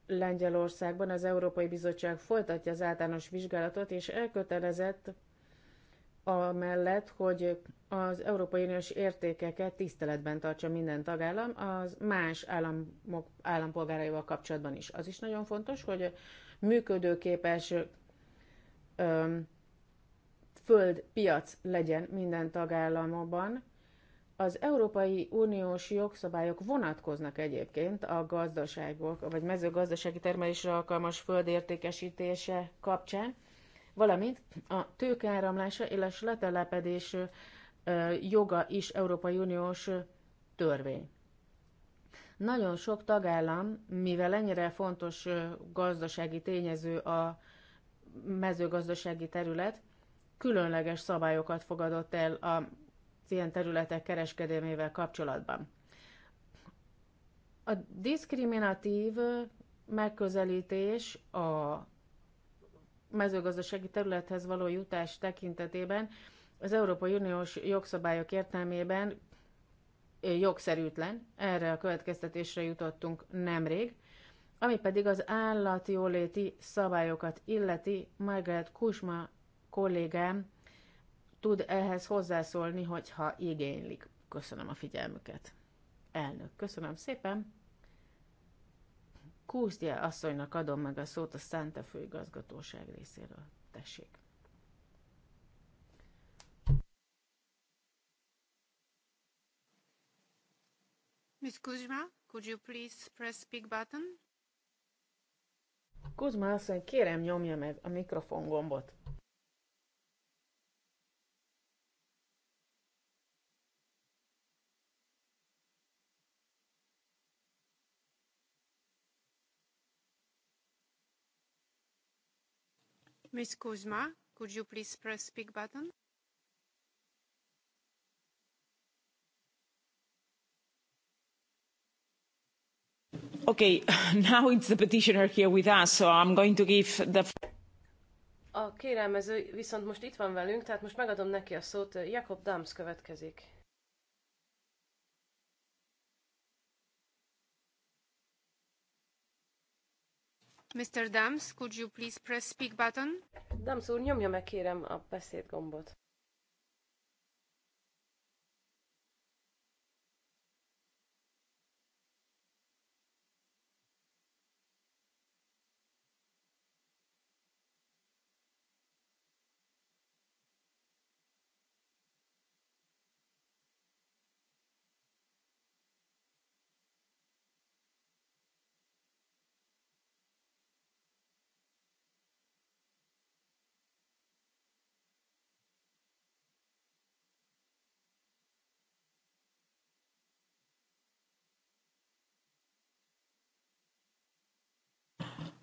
Lengyelországban az Európai Bizottság folytatja az általános vizsgálatot, és elkötelezett amellett, hogy az Európai Uniós értékeket tiszteletben tartsa minden tagállam, az más államok állampolgáraival kapcsolatban is. Az is nagyon fontos, hogy működőképes földpiac legyen minden tagállamban, az Európai Uniós jogszabályok vonatkoznak egyébként a gazdaságok, vagy mezőgazdasági termelésre alkalmas földértékesítése kapcsán, valamint a tőkeáramlása, illetve letelepedés joga is Európai Uniós törvény. Nagyon sok tagállam, mivel ennyire fontos gazdasági tényező a mezőgazdasági terület, különleges szabályokat fogadott el a ilyen területek kereskedelmével kapcsolatban. A diszkriminatív megközelítés a mezőgazdasági területhez való jutás tekintetében az Európai Uniós jogszabályok értelmében jogszerűtlen, erre a következtetésre jutottunk nemrég, ami pedig az állatjóléti szabályokat illeti Margaret Kusma kollégám tud ehhez hozzászólni, hogyha igénylik. Köszönöm a figyelmüket. Elnök, köszönöm szépen. Kúzdje asszonynak adom meg a szót a Szente főigazgatóság részéről. Tessék. Ms. Kuzma, could you please press speak button? Kuzma asszony, kérem nyomja meg a mikrofon gombot. Ms. Kuzma, could you please press speak button? Okay, now it's the petitioner here with us, so I'm going to give the... A kérelmező viszont most itt van velünk, tehát most megadom neki a szót. Jakob Dams következik. Mr. Dams, could you please press speak button? Dams úr, nyomja meg kérem a beszédgombot.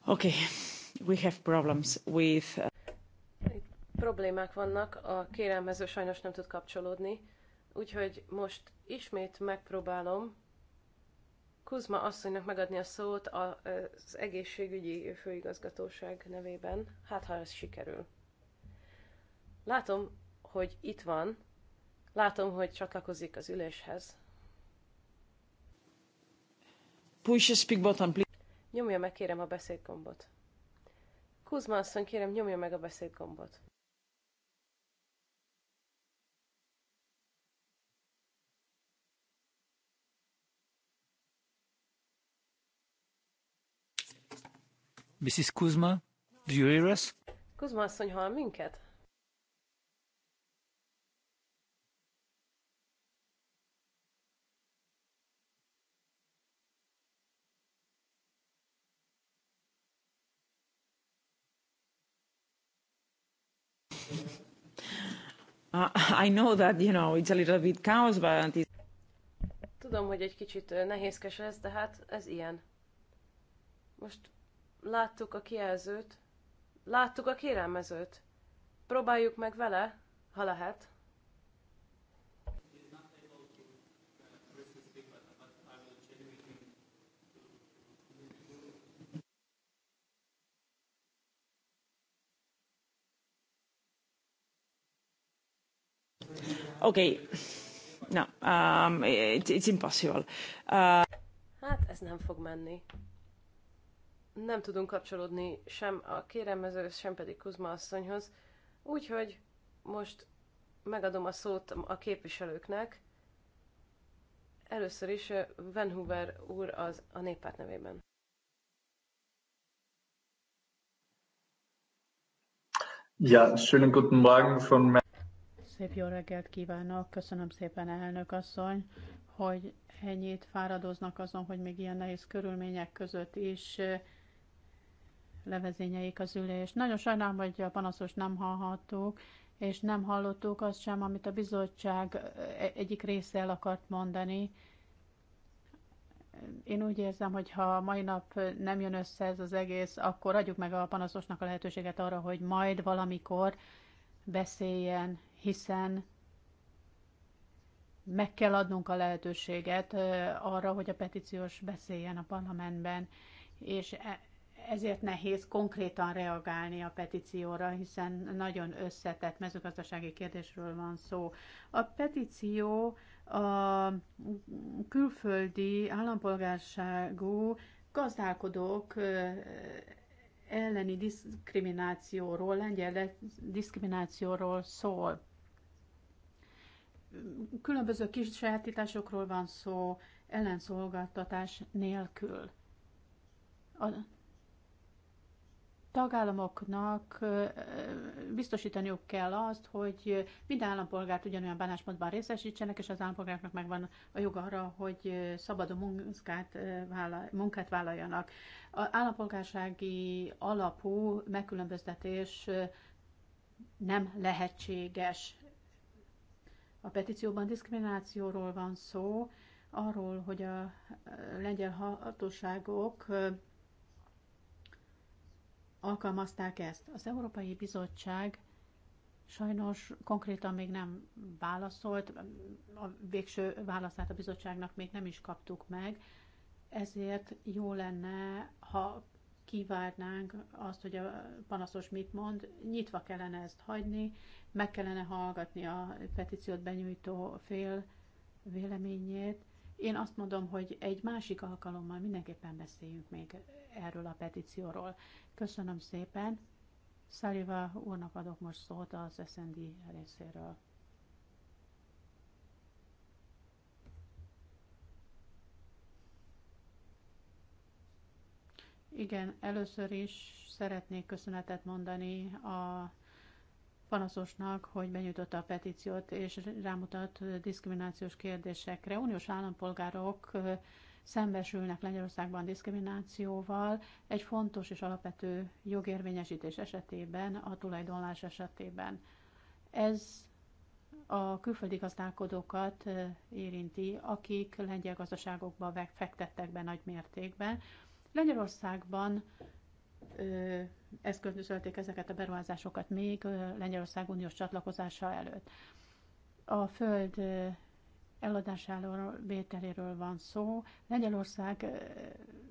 Okay, we have problems with... Itt uh, problémák vannak, a kérelmező sajnos nem tud kapcsolódni, úgyhogy most ismét megpróbálom Kuzma asszonynak megadni a szót az egészségügyi főigazgatóság nevében, hát ha ez sikerül. Látom, hogy itt van, látom, hogy csatlakozik az üléshez. Push speak button, please. Nyomja meg kérem a beszédgombot. Kuzma asszony, kérem, nyomja meg a beszédgombot. Mrs. Kuzma, do you hear us? Kuzma asszony hall minket? I know that, you know, it's a little bit chaos, but it's... Tudom, hogy egy kicsit nehézkes ez, de hát ez ilyen. Most láttuk a kijelzőt, láttuk a kérelmezőt. Próbáljuk meg vele, ha lehet. Okay. No, um, it, it's impossible. Uh... Hát ez nem fog menni. Nem tudunk kapcsolódni sem a kéremező, sem pedig Kuzma asszonyhoz, úgyhogy most megadom a szót a képviselőknek. Először is uh, Van Hoover úr az a néppárt nevében. Ja, schönen guten Morgen von szép jó reggelt kívánok. Köszönöm szépen, elnök asszony, hogy ennyit fáradoznak azon, hogy még ilyen nehéz körülmények között is eh, levezényeik az ülés. Nagyon sajnálom, hogy a panaszos nem hallhattuk, és nem hallottuk azt sem, amit a bizottság eh, egyik része el akart mondani. Én úgy érzem, hogy ha mai nap nem jön össze ez az egész, akkor adjuk meg a panaszosnak a lehetőséget arra, hogy majd valamikor beszéljen, hiszen meg kell adnunk a lehetőséget arra, hogy a petíciós beszéljen a parlamentben, és e, ezért nehéz konkrétan reagálni a petícióra, hiszen nagyon összetett mezőgazdasági kérdésről van szó. A petíció a külföldi állampolgárságú gazdálkodók elleni diszkriminációról, lengyel diszkriminációról szól különböző kis sajátításokról van szó, ellenszolgáltatás nélkül. A tagállamoknak biztosítaniuk kell azt, hogy minden állampolgárt ugyanolyan bánásmódban részesítsenek, és az állampolgároknak megvan a joga arra, hogy szabadon munkát, vállal, munkát vállaljanak. A állampolgársági alapú megkülönböztetés nem lehetséges a petícióban diszkriminációról van szó, arról, hogy a lengyel hatóságok alkalmazták ezt. Az Európai Bizottság sajnos konkrétan még nem válaszolt, a végső válaszát a bizottságnak még nem is kaptuk meg, ezért jó lenne, ha kivárnánk azt, hogy a panaszos mit mond, nyitva kellene ezt hagyni, meg kellene hallgatni a petíciót benyújtó fél véleményét. Én azt mondom, hogy egy másik alkalommal mindenképpen beszéljünk még erről a petícióról. Köszönöm szépen. Szaliva úrnak adok most szót az SND részéről. Igen, először is szeretnék köszönetet mondani a panaszosnak, hogy benyújtotta a petíciót, és rámutat diszkriminációs kérdésekre. Uniós állampolgárok szembesülnek Lengyelországban diszkriminációval egy fontos és alapvető jogérvényesítés esetében, a tulajdonlás esetében. Ez a külföldi gazdálkodókat érinti, akik lengyel gazdaságokba fektettek be nagy mértékben. Lengyelországban eszközölték ezeket a beruházásokat még Lengyelország uniós csatlakozása előtt. A föld eladásáról, vételéről van szó. Lengyelország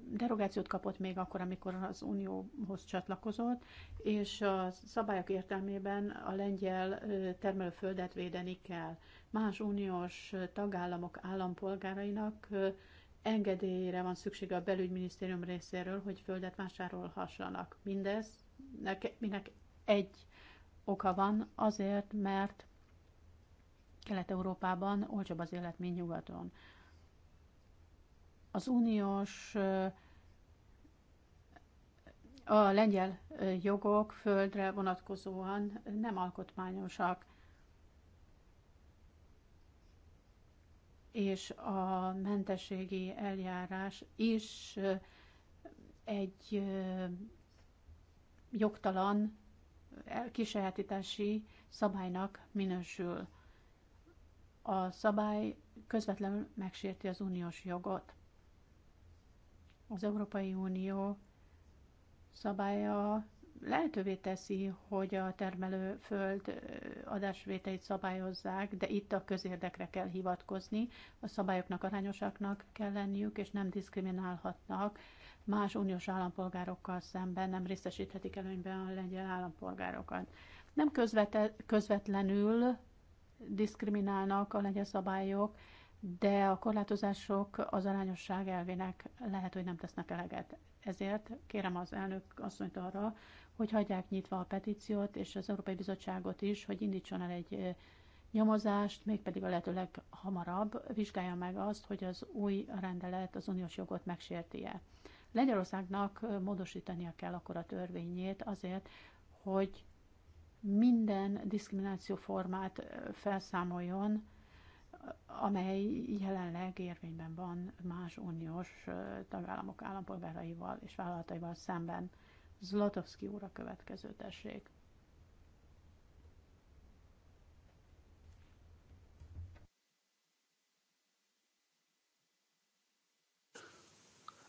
derogációt kapott még akkor, amikor az Unióhoz csatlakozott, és a szabályok értelmében a lengyel termelőföldet védeni kell. Más uniós tagállamok állampolgárainak engedélyre van szüksége a belügyminisztérium részéről, hogy földet vásárolhassanak. Mindez, minek egy oka van, azért, mert Kelet-Európában olcsóbb az élet, mint nyugaton. Az uniós a lengyel jogok földre vonatkozóan nem alkotmányosak. és a mentességi eljárás is egy jogtalan kisajátítási szabálynak minősül. A szabály közvetlenül megsérti az uniós jogot. Az Európai Unió szabálya lehetővé teszi, hogy a termelőföld adásvételét szabályozzák, de itt a közérdekre kell hivatkozni, a szabályoknak arányosaknak kell lenniük, és nem diszkriminálhatnak más uniós állampolgárokkal szemben, nem részesíthetik előnyben a lengyel állampolgárokat. Nem közvete, közvetlenül diszkriminálnak a lengyel szabályok, de a korlátozások az arányosság elvének lehet, hogy nem tesznek eleget. Ezért kérem az elnök asszonyt arra, hogy hagyják nyitva a petíciót, és az Európai Bizottságot is, hogy indítson el egy nyomozást, mégpedig a lehető leghamarabb vizsgálja meg azt, hogy az új rendelet az uniós jogot megsérti-e. Lengyelországnak módosítania kell akkor a törvényét azért, hogy minden diszkrimináció formát felszámoljon, amely jelenleg érvényben van más uniós tagállamok állampolgáraival és vállalataival szemben. Zlatowski úr a következő, tessék.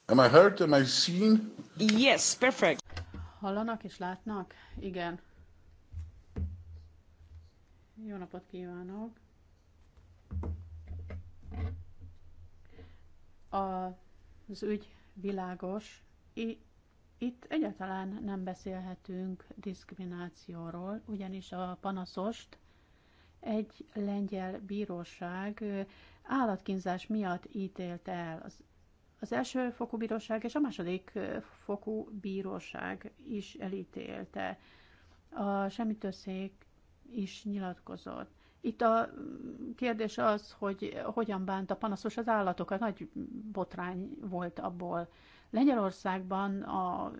Am I heard? Am I seen? Yes, perfect. Hallanak és látnak? Igen. Jó napot kívánok! A, az ügy világos. I, itt egyáltalán nem beszélhetünk diszkriminációról, ugyanis a panaszost egy lengyel bíróság állatkínzás miatt ítélt el. Az, az első fokú bíróság és a második fokú bíróság is elítélte. A semmitőszék is nyilatkozott. Itt a mm, kérdés az, hogy hogyan bánt a panaszos az állatokat, nagy botrány volt abból. Lengyelországban a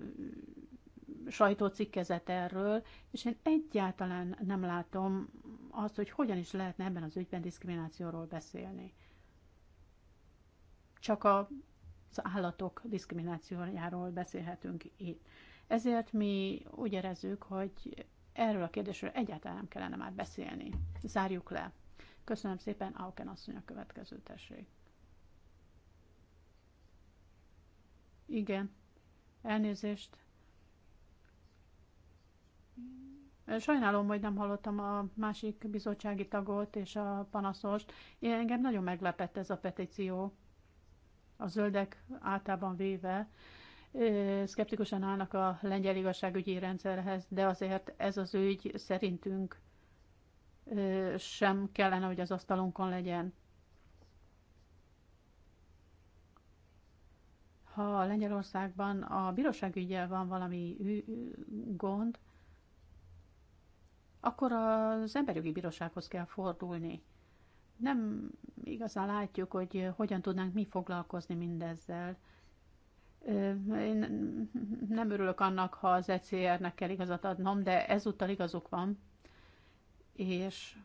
sajtó cikkezett erről, és én egyáltalán nem látom azt, hogy hogyan is lehetne ebben az ügyben diszkriminációról beszélni. Csak a, az állatok diszkriminációjáról beszélhetünk itt. Ezért mi úgy érezzük, hogy erről a kérdésről egyáltalán nem kellene már beszélni. Zárjuk le. Köszönöm szépen, Auken asszony a következő tessék. Igen, elnézést. Sajnálom, hogy nem hallottam a másik bizottsági tagot és a panaszost. Én engem nagyon meglepett ez a petíció. A zöldek általában véve szkeptikusan állnak a lengyel igazságügyi rendszerhez, de azért ez az ügy szerintünk sem kellene, hogy az asztalunkon legyen. ha Lengyelországban a bíróságügyel van valami gond, akkor az emberjogi bírósághoz kell fordulni. Nem igazán látjuk, hogy hogyan tudnánk mi foglalkozni mindezzel. Én nem örülök annak, ha az ECR-nek kell igazat adnom, de ezúttal igazuk van. És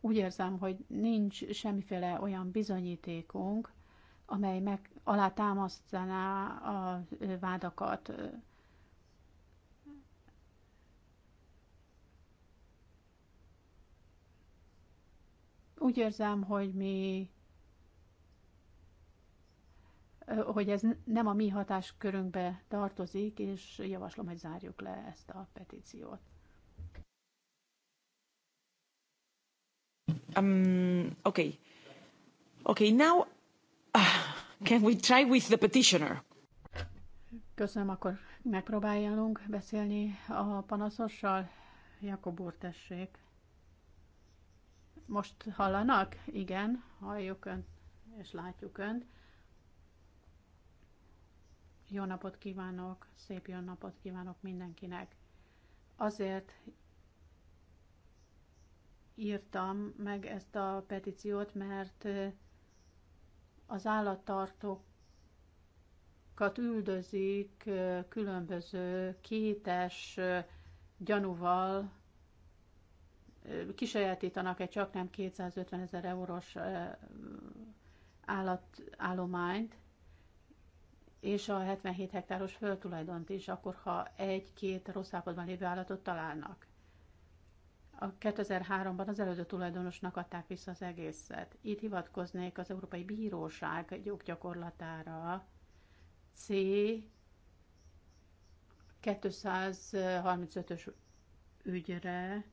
úgy érzem, hogy nincs semmiféle olyan bizonyítékunk, amely meg alátámasztaná a vádakat. Úgy érzem, hogy mi hogy ez nem a mi hatáskörünkbe tartozik, és javaslom, hogy zárjuk le ezt a petíciót. Um, okay. Okay, now Can we try with the petitioner? Köszönöm, akkor megpróbáljunk beszélni a panaszossal. Jakob úr, tessék. Most hallanak? Igen, halljuk Önt és látjuk Önt. Jó napot kívánok, szép jó napot kívánok mindenkinek. Azért írtam meg ezt a petíciót, mert az állattartókat üldözik különböző kétes gyanúval, kisajátítanak egy csak nem 250 ezer eurós állatállományt, és a 77 hektáros földtulajdont is, akkor ha egy-két rossz állapotban lévő állatot találnak. A 2003-ban az előző tulajdonosnak adták vissza az egészet. Itt hivatkoznék az Európai Bíróság joggyakorlatára. C 235-ös ügyre,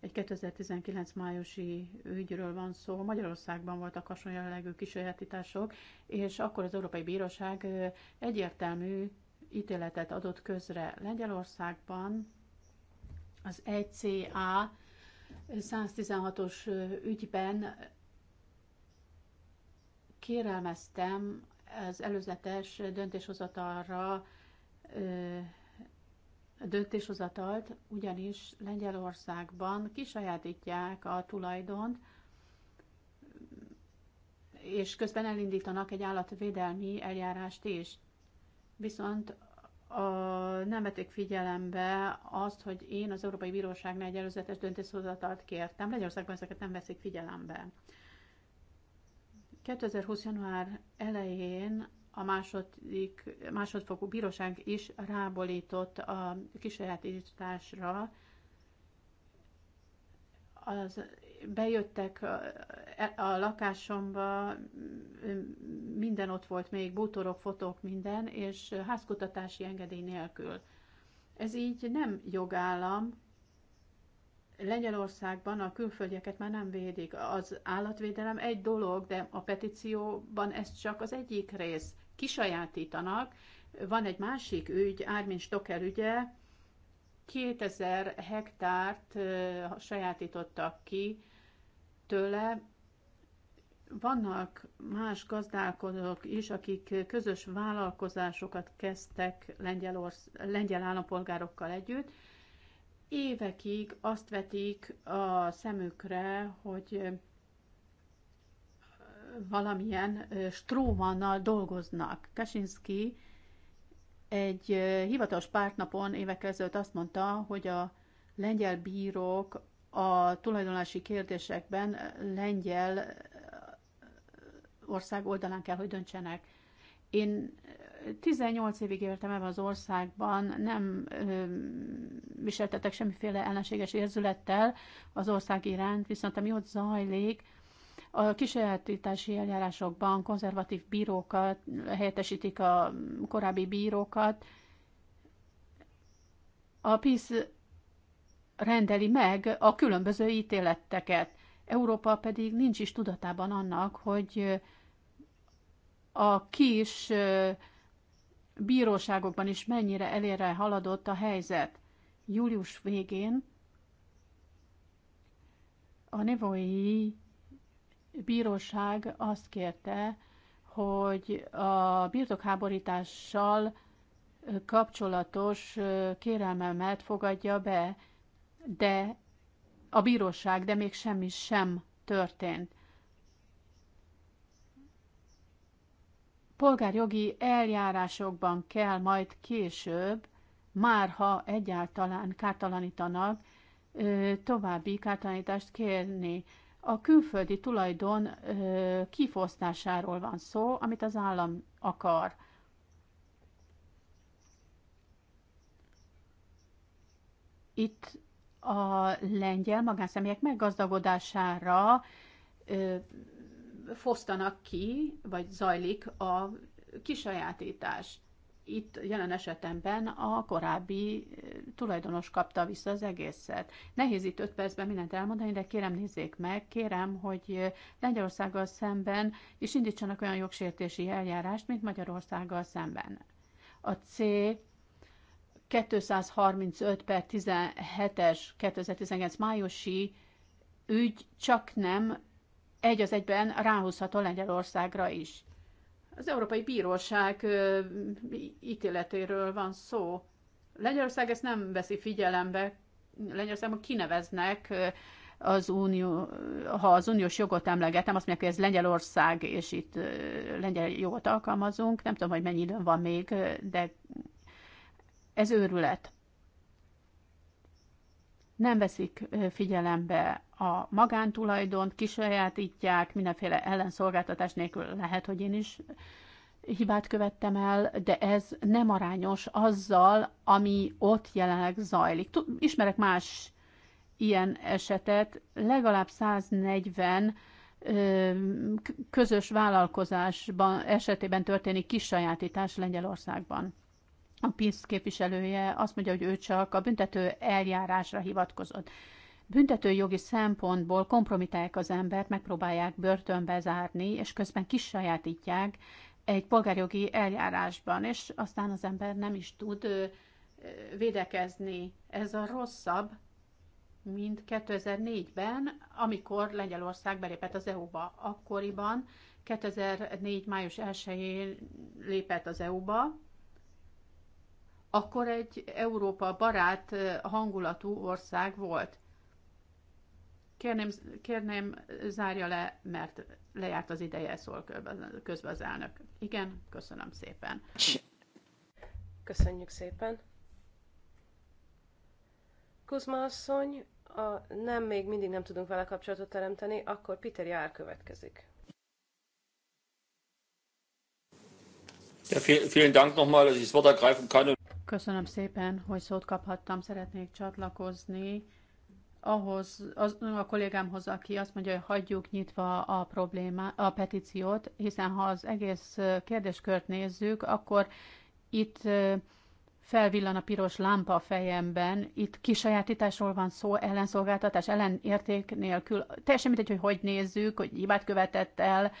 egy 2019 májusi ügyről van szó. Magyarországban voltak hasonló jellegű kisajátítások, és akkor az Európai Bíróság egyértelmű ítéletet adott közre Lengyelországban, az ECA 116-os ügyben kérelmeztem az előzetes döntéshozatalra döntéshozatalt, ugyanis Lengyelországban kisajátítják a tulajdont, és közben elindítanak egy állatvédelmi eljárást is. Viszont a, nem vették figyelembe azt, hogy én az Európai Bíróságnál egy előzetes döntéshozatalt kértem. Lengyországban ezeket nem veszik figyelembe. 2020. január elején a második, másodfokú bíróság is rábolított a kisajátításra az bejöttek a, a lakásomba, minden ott volt még, bútorok, fotók, minden, és házkutatási engedély nélkül. Ez így nem jogállam. Lengyelországban a külföldieket már nem védik. Az állatvédelem egy dolog, de a petícióban ez csak az egyik rész. Kisajátítanak. Van egy másik ügy, Ármin Stoker ügye, 2000 hektárt sajátítottak ki tőle. Vannak más gazdálkodók is, akik közös vállalkozásokat kezdtek lengyel, lengyel állampolgárokkal együtt. Évekig azt vetik a szemükre, hogy valamilyen strómannal dolgoznak. Kaczynski egy hivatalos pártnapon évek ezelőtt azt mondta, hogy a lengyel bírók a tulajdonlási kérdésekben lengyel ország oldalán kell, hogy döntsenek. Én 18 évig éltem ebben az országban, nem ö, viseltetek semmiféle ellenséges érzülettel az ország iránt, viszont ami ott zajlik, a kisajátítási eljárásokban konzervatív bírókat helyettesítik a korábbi bírókat. A PISZ rendeli meg a különböző ítéleteket. Európa pedig nincs is tudatában annak, hogy a kis bíróságokban is mennyire elére haladott a helyzet. Július végén a Nevoi bíróság azt kérte, hogy a birtokháborítással kapcsolatos kérelmemet fogadja be, de a bíróság, de még semmi sem történt. Polgárjogi eljárásokban kell majd később, már ha egyáltalán kártalanítanak, további kártalanítást kérni. A külföldi tulajdon kifosztásáról van szó, amit az állam akar. Itt a lengyel magánszemélyek meggazdagodására ö, fosztanak ki, vagy zajlik a kisajátítás. Itt jelen esetemben a korábbi tulajdonos kapta vissza az egészet. Nehéz itt öt percben mindent elmondani, de kérem nézzék meg, kérem, hogy Lengyelországgal szemben is indítsanak olyan jogsértési eljárást, mint Magyarországgal szemben. A C 235 per 17-es 2019 májusi ügy csak nem egy az egyben ráhúzható Lengyelországra is. Az Európai Bíróság ítéletéről van szó. Lengyelország ezt nem veszi figyelembe. Lengyelországban kineveznek az unió, ha az uniós jogot emlegetem, azt mondják, hogy ez Lengyelország, és itt lengyel jogot alkalmazunk. Nem tudom, hogy mennyi időn van még, de ez őrület. Nem veszik figyelembe a magántulajdont, kisajátítják, mindenféle ellenszolgáltatás nélkül lehet, hogy én is hibát követtem el, de ez nem arányos azzal, ami ott jelenleg zajlik. Ismerek más ilyen esetet, legalább 140 közös vállalkozásban esetében történik kisajátítás Lengyelországban a PISZ képviselője azt mondja, hogy ő csak a büntető eljárásra hivatkozott. Büntető jogi szempontból kompromitálják az embert, megpróbálják börtönbe zárni, és közben kisajátítják egy polgárjogi eljárásban, és aztán az ember nem is tud védekezni. Ez a rosszabb, mint 2004-ben, amikor Lengyelország belépett az EU-ba. Akkoriban 2004. május 1-én lépett az EU-ba, akkor egy Európa barát hangulatú ország volt. Kérném, kérném zárja le, mert lejárt az ideje, szól közben az elnök. Igen, köszönöm szépen. Köszönjük szépen. Kuzma asszony, a nem még mindig nem tudunk vele kapcsolatot teremteni, akkor Peter Jár következik. Ja, vielen Dank nochmal, dass ich das Wort ergreifen kann. Köszönöm szépen, hogy szót kaphattam. Szeretnék csatlakozni ahhoz, az, a kollégámhoz, aki azt mondja, hogy hagyjuk nyitva a, problémá, a petíciót, hiszen ha az egész kérdéskört nézzük, akkor itt felvillan a piros lámpa a fejemben, itt kisajátításról van szó, ellenszolgáltatás, ellenérték nélkül, teljesen mindegy, hogy hogy nézzük, hogy hibát követett el,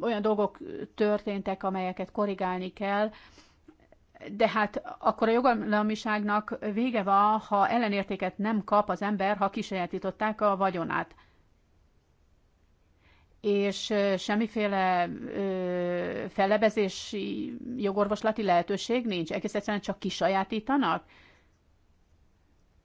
olyan dolgok történtek, amelyeket korrigálni kell, de hát akkor a jogalamiságnak vége van, ha ellenértéket nem kap az ember, ha kisajátították a vagyonát. És semmiféle ö, fellebezési jogorvoslati lehetőség nincs, egész egyszerűen csak kisajátítanak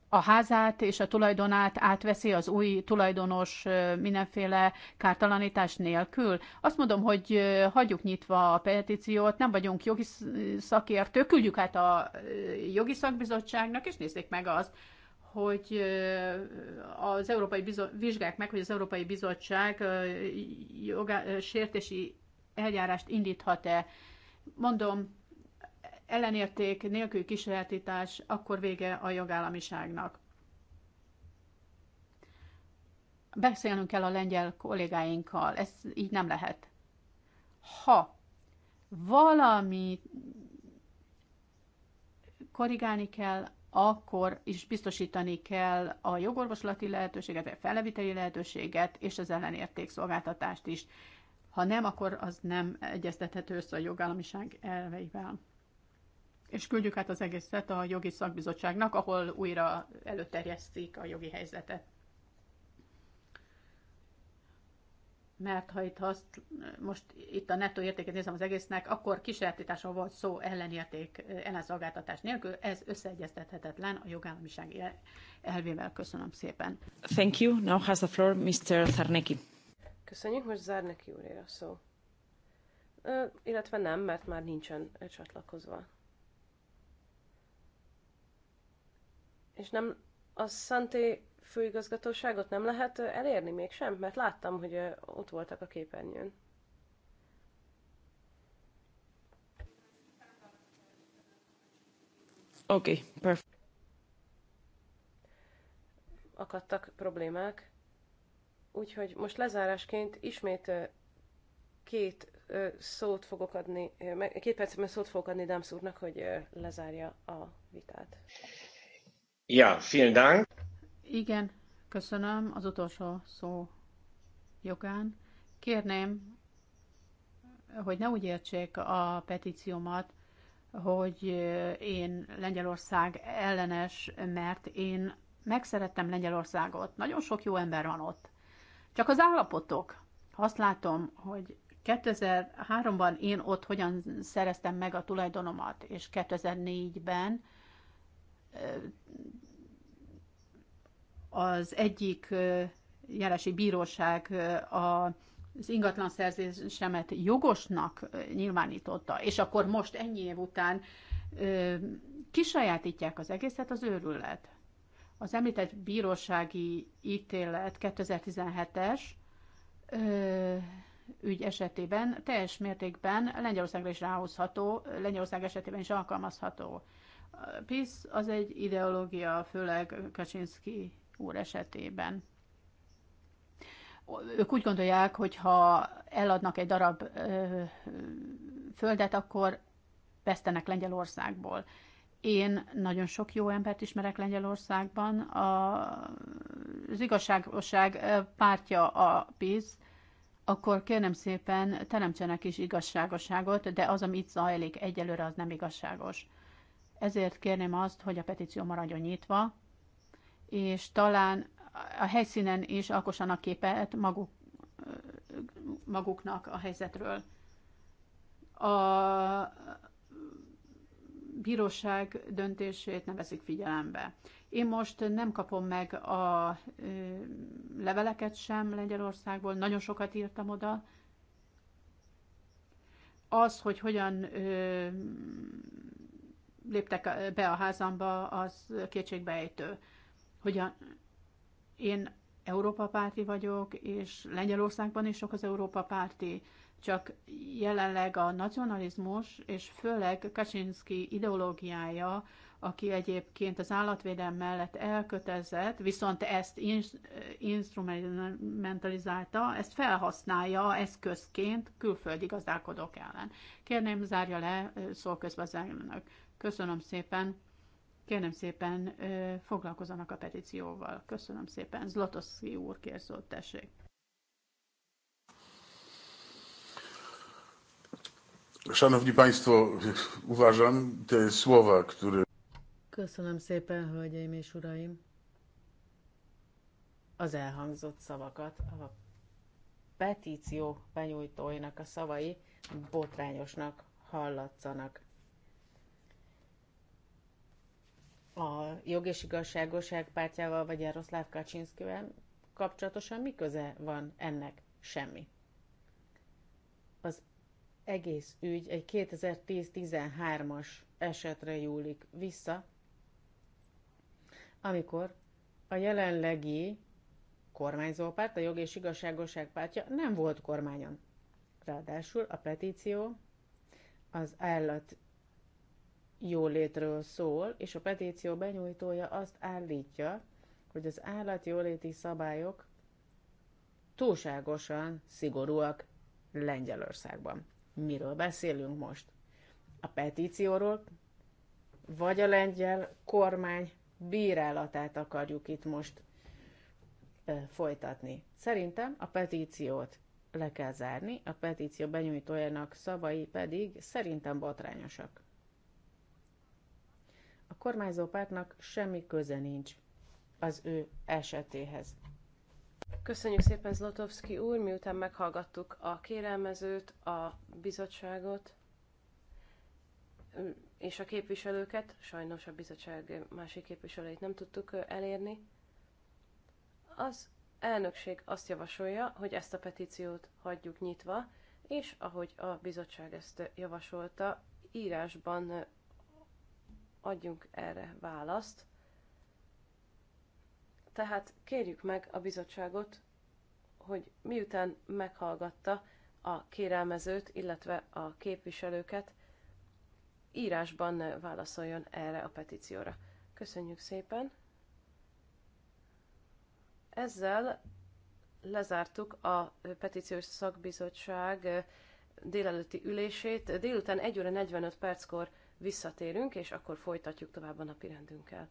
a házát és a tulajdonát átveszi az új tulajdonos mindenféle kártalanítás nélkül. Azt mondom, hogy hagyjuk nyitva a petíciót, nem vagyunk jogi szakértők, küldjük át a jogi szakbizottságnak, és nézzék meg azt, hogy az Európai Bizottság, vizsgálják meg, hogy az Európai Bizottság jogá, sértési eljárást indíthat-e. Mondom, ellenérték nélkül kísérletítás, akkor vége a jogállamiságnak. Beszélnünk kell a lengyel kollégáinkkal, ez így nem lehet. Ha valami korrigálni kell, akkor is biztosítani kell a jogorvoslati lehetőséget, vagy a feleviteli lehetőséget, és az ellenérték szolgáltatást is. Ha nem, akkor az nem egyeztethető össze a jogállamiság elveivel és küldjük át az egészet a jogi szakbizottságnak, ahol újra előterjesztik a jogi helyzetet. Mert ha itt azt, most itt a nettó értéket nézem az egésznek, akkor kísérletításról volt szó ellenérték ellenszolgáltatás nélkül, ez összeegyeztethetetlen a jogállamiság elvével. Köszönöm szépen. Thank you. Now has the floor Mr. Zarnecki. Köszönjük, most Zarnecki úr a szó. Ö, illetve nem, mert már nincsen csatlakozva. És nem a Santé főigazgatóságot nem lehet elérni mégsem? Mert láttam, hogy ott voltak a képernyőn. Oké, okay, perfect. Akadtak problémák. Úgyhogy most lezárásként ismét két szót fogok adni, két percben szót fogok adni Dámszúrnak, hogy lezárja a vitát. Ja, vielen Dank. Igen, köszönöm az utolsó szó jogán. Kérném, hogy ne úgy értsék a petíciómat, hogy én Lengyelország ellenes, mert én megszerettem Lengyelországot. Nagyon sok jó ember van ott. Csak az állapotok. Azt látom, hogy 2003-ban én ott hogyan szereztem meg a tulajdonomat, és 2004-ben az egyik járási bíróság a az ingatlan szerzésemet jogosnak nyilvánította, és akkor most ennyi év után ö, kisajátítják az egészet, az őrület. Az említett bírósági ítélet 2017-es ügy esetében teljes mértékben Lengyelországra is ráhozható, Lengyelország esetében is alkalmazható. A PISZ az egy ideológia, főleg Kaczynski úr esetében. Ők úgy gondolják, hogy ha eladnak egy darab ö, földet, akkor vesztenek Lengyelországból. Én nagyon sok jó embert ismerek Lengyelországban. A, az igazságosság pártja a PISZ, akkor kérem szépen teremtsenek is igazságosságot, de az, ami itt zajlik egyelőre, az nem igazságos. Ezért kérném azt, hogy a petíció maradjon nyitva, és talán a helyszínen is alkossanak képet maguk, maguknak a helyzetről. A bíróság döntését nem veszik figyelembe. Én most nem kapom meg a leveleket sem Lengyelországból, nagyon sokat írtam oda. Az, hogy hogyan léptek be a házamba, az kétségbejtő. a, én Európa párti vagyok, és Lengyelországban is sok az Európa párti, csak jelenleg a nacionalizmus, és főleg Kaczynski ideológiája, aki egyébként az állatvédelem mellett elkötelezett, viszont ezt instrumentalizálta, ezt felhasználja eszközként külföldi gazdálkodók ellen. Kérném, zárja le szó közben az elnök. Köszönöm szépen. Kérem szépen, foglalkozanak a petícióval. Köszönöm szépen. Zlatoszki úr kér szót, tessék. Szanowni Państwo, uważam te słowa, które... Köszönöm szépen, hölgyeim és uraim, az elhangzott szavakat. A petíció benyújtóinak a szavai botrányosnak hallatszanak. a jog és igazságoság pártjával, vagy Jaroszláv Kaczynszkivel kapcsolatosan mi köze van ennek? Semmi. Az egész ügy egy 2010-13-as esetre júlik vissza, amikor a jelenlegi kormányzó párt, a jog és igazságoság pártja nem volt kormányon. Ráadásul a petíció az állat jólétről szól, és a petíció benyújtója azt állítja, hogy az állatjóléti szabályok túlságosan szigorúak Lengyelországban. Miről beszélünk most? A petícióról, vagy a lengyel kormány bírálatát akarjuk itt most folytatni. Szerintem a petíciót le kell zárni, a petíció benyújtójának szavai pedig szerintem botrányosak. A kormányzó pártnak semmi köze nincs az ő esetéhez. Köszönjük szépen Zlotowski úr, miután meghallgattuk a kérelmezőt, a bizottságot és a képviselőket, sajnos a bizottság másik képviselőit nem tudtuk elérni. Az elnökség azt javasolja, hogy ezt a petíciót hagyjuk nyitva, és ahogy a bizottság ezt javasolta, írásban adjunk erre választ. Tehát kérjük meg a bizottságot, hogy miután meghallgatta a kérelmezőt, illetve a képviselőket, írásban válaszoljon erre a petícióra. Köszönjük szépen! Ezzel lezártuk a petíciós szakbizottság délelőtti ülését. Délután 1 óra 45 perckor visszatérünk, és akkor folytatjuk tovább a napi rendünkkel.